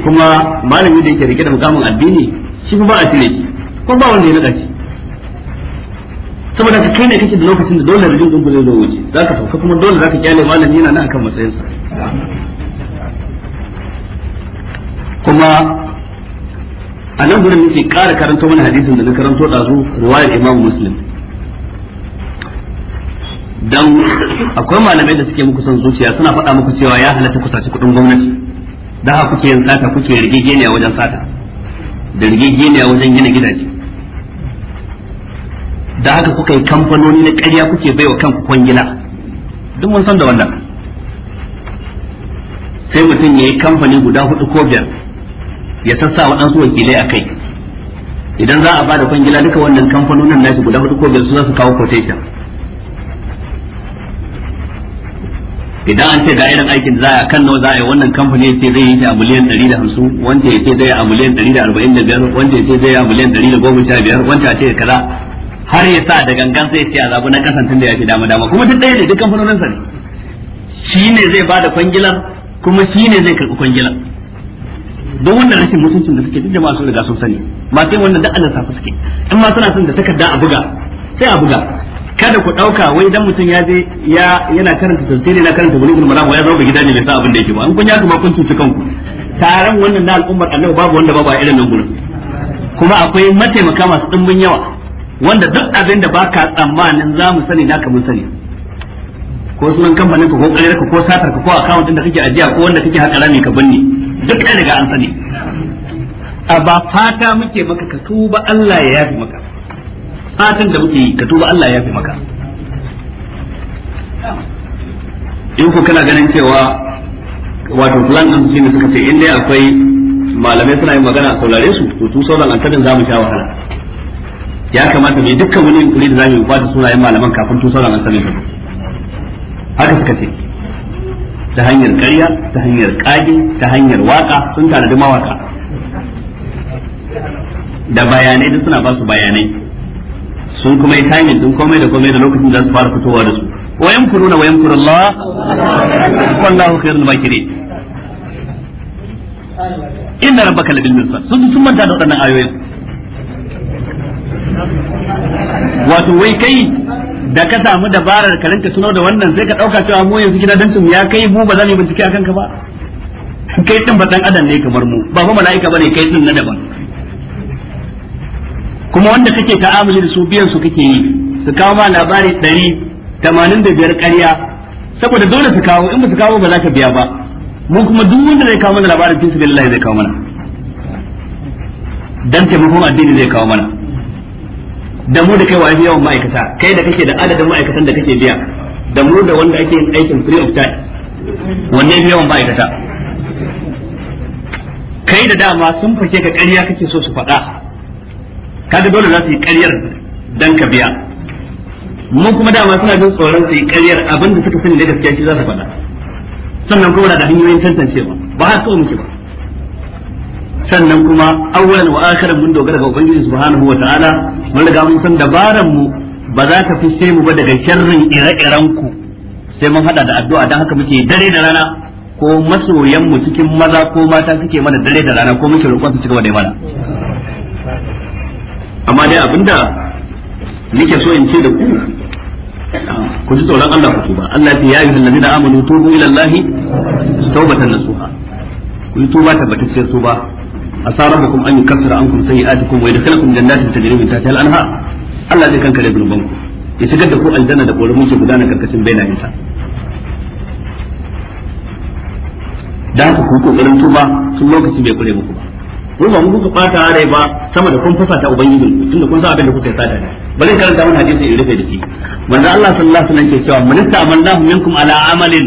kuma malami da yake rike da mukamin addini shi ba a cire shi ko ba wanda ya naɗa shi saboda ka kai ne kake da lokacin da dole rijin din zai zo wuce ka sauka kuma dole za ka kyale malami yana nan akan matsayinsa kuma a nan gurin nake ƙara karanta mana hadisin da na karanto ɗazu ruwayar imam muslim dan akwai malamai da suke muku son zuciya suna faɗa muku cewa ya halatta ku saci kuɗin gwamnati da haka kuke yin sata kuke rigegeniya wajen sata da rigegeniya wajen gina gidaje da haka kuka yi kamfanoni na ƙarya kuke baiwa kanku kwangila duk mun san da wannan sai mutum ya yi kamfani guda hudu ko biyar ya sassa waɗansu wakilai a kai idan za a bada kwangila duka wannan kamfanonin nashi guda hudu ko biyar su za su kawo quotation idan an ce da irin aikin za a kan nawa za a yi wannan kamfani ya ce zai yi shi a miliyan 150 wanda ya ce zai yi a miliyan 145 wanda ya ce zai yi a miliyan 115 wanda ya ce kaza har ya sa da gangan sai ce azabu na tun da ya fi dama dama kuma duk ɗaya ne dukkan fannonin sa ne shi ne zai bada kwangilar kuma shi ne zai karɓi kwangilar don wannan rashin mutuncin da suke duk jama'a sun riga sun sani ba sai wannan duk Allah safa suke in ma suna son da takarda a buga sai a buga kada ku ɗauka wai dan mutum ya je ya yana karanta tafsiri na karanta bulugul maram ya zo ga gida ne bai sa abin da yake ba in kun ya kuma kun cuci kanku taron wannan na al'ummar Allah babu wanda ba ba irin nan gurin kuma akwai mataimaka masu dimbin yawa wanda duk abin da ba ka tsammanin za mu sani naka mun sani ko sunan kamfanin ka ko ƙaryar ka ko satar ka ko account din da kake ajiya ko wanda kake haƙa rami ka binne duk ɗaya daga an sani a ba fata muke maka ka tuba Allah ya yafi maka fatan da muke ka tuba Allah ya yafi maka in ku kana ganin cewa wato plan din shine suka ce inda akwai malamai suna yin magana a saurare su to su sauran antarin zamu sha wahala ya kamata mai dukkan wani yankuri da zai yi ba da sunayen malaman kafin tun sauran an sanin haka suka ce ta hanyar ƙarya ta hanyar ƙage ta hanyar waka sun tanadi mawaka da bayanai da suna ba su bayanai sun kuma yi timing din komai da komai da lokacin da su fara fitowa da su wa wayan wa Allah wallahu khairul makirin inna rabbaka labil mirsad sun sun manta da wannan ayoyin wato wai kai da ka samu dabarar ka rinka tuno da wannan sai ka dauka cewa mu yanzu gida dantsu ya kai mu ba za mu bincike akan ka ba kai din ba dan adam ne kamar mu ba fa mala'ika bane kai din na daban kuma wanda kake ta'amuli da su biyan su kake yi su kawo ma labari 185 ƙarya saboda dole su kawo in ba su kawo ba za ka biya ba mu kuma duk wanda zai kawo mana labarin da sabilillah zai kawo mana dan taimakon addini zai kawo mana da mu da kai waye yawan ma'aikata kai da kake da adadin ma'aikatan da kake biya da mu da wanda ake yin aikin free of time wanne fi yawan ma'aikata kai da dama sun fake ka ƙarya kake so su faɗa da dole za su yi ƙaryar dan ka biya mu kuma dama suna jin tsoron su yi ƙaryar abinda suka sani da gaskiya shi za su faɗa sannan kuma na da hanyoyin tantancewa ba haka kawai muke ba sannan kuma awwalan wa akhiran mun dogara ga ubangiji subhanahu wa ta'ala mun riga mun san dabaran mu ba za ta fice mu ba daga sharrin ire-iren ku sai mun hada da addu'a dan haka muke dare da rana ko masoyan mu cikin maza ko mata suke mana dare da rana ko muke roƙon su ci gaba da mana amma dai abinda nake so in ce da ku ku ji tsoron Allah ku tuba Allah ya yi allazina amanu tubu ila Allah tawbatan nasuha ku yi tuba tabbatacciyar tuba asa rabbukum an yukaffira ankum sayi'atikum wa yadkhilukum jannatin tajri min tahtiha al-anhar Allah zai kankare zunubanku ya shigar da ku aljanna da koramun ke gudana karkashin bainanin sa da haka ku kokarin tuba tun lokaci bai kure muku ba ko ba mun kuka fata rai ba sama da kun fasa ta ubangiji tunda kun san abin da kuka yi sada ne bari karanta wannan hadisi in rufe da shi manzo Allah sallallahu alaihi wasallam ke cewa man ista'amalnahu minkum ala amalin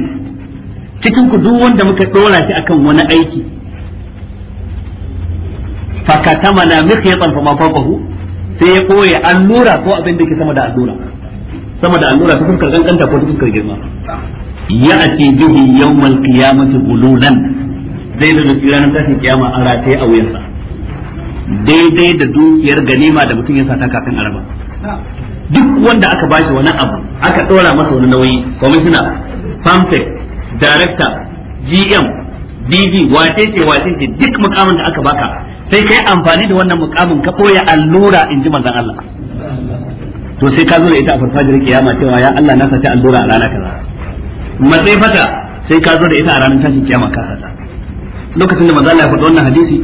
cikin ku duk wanda muka dora shi akan wani aiki fakatamana mikhyatan fama fawqahu sai ya koye allura ko abin da ke sama da allura sama da allura ta fuskar kankanta ko ta fuskar girma ya ati bihi mace qiyamati nan zai da duk ranar tashin kiyama an rataye a wuyansa daidai da dukiyar ganima da mutum ya sata kafin araba duk wanda aka bashi wani abu aka dora masa wani nauyi kwamishina famtec director gm dg wace ce wace ce duk mukamin da aka baka sai kai amfani da wannan mukamin ka koya allura in ji manzon Allah to sai ka zo da ita a farfajiyar kiyama cewa ya Allah na sace allura a rana kaza matsayi fata sai ka zo da ita a ranar tashin kiyama ka sata lokacin da manzon Allah ya faɗa wannan hadisi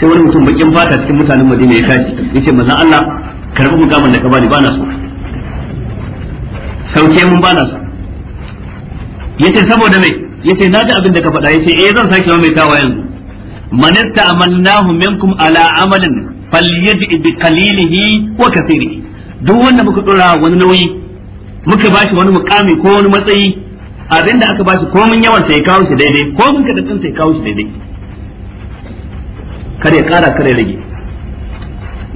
sai wani mutum bakin fata cikin mutanen Madina ya tashi yace manzon Allah karbi mukamin da ka bani bana so sauke mun bana so yace saboda me yace naji abin da ka faɗa yace eh zan sake mai tawa yanzu man استعملناه منكم ala amalin falyaj'i بقليله وكثيره wa kathirihi duk wanda muka dora wani nauyi muka bashi wani mukami ko wani matsayi abinda aka bashi ko mun yawan sai kawo shi daidai ko mun kadatun sai kawo shi daidai kare kara kare rage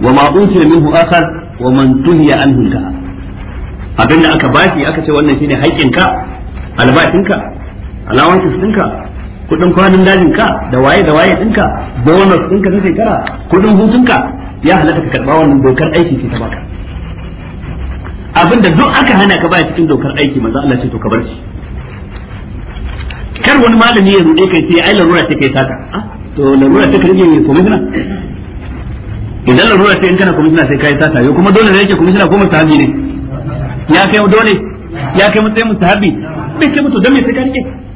wa ma utiya minhu akhar wa man tuhiya anhu ta abinda aka bashi aka ce wannan shine haƙƙinka albashinka alawansu ɗinka kudin kwanin dajin ka da waye da waye dinka bonus dinka na shekara kudin ka ya halatta ka karba wannan dokar aiki ce ta baka abinda duk aka hana ka baya cikin dokar aiki manzo Allah ce to ka bar shi kar wani malami ya rude kai sai ai larura ce kai saka ah, to larura ce ka rige ne komishina idan larura ce in kana komishina sai kai saka yo kuma dole ne yake komishina ko mustahabi ne ya kai dole ya kai matsayin mutahabi bai kai mutu dan me sai ka rike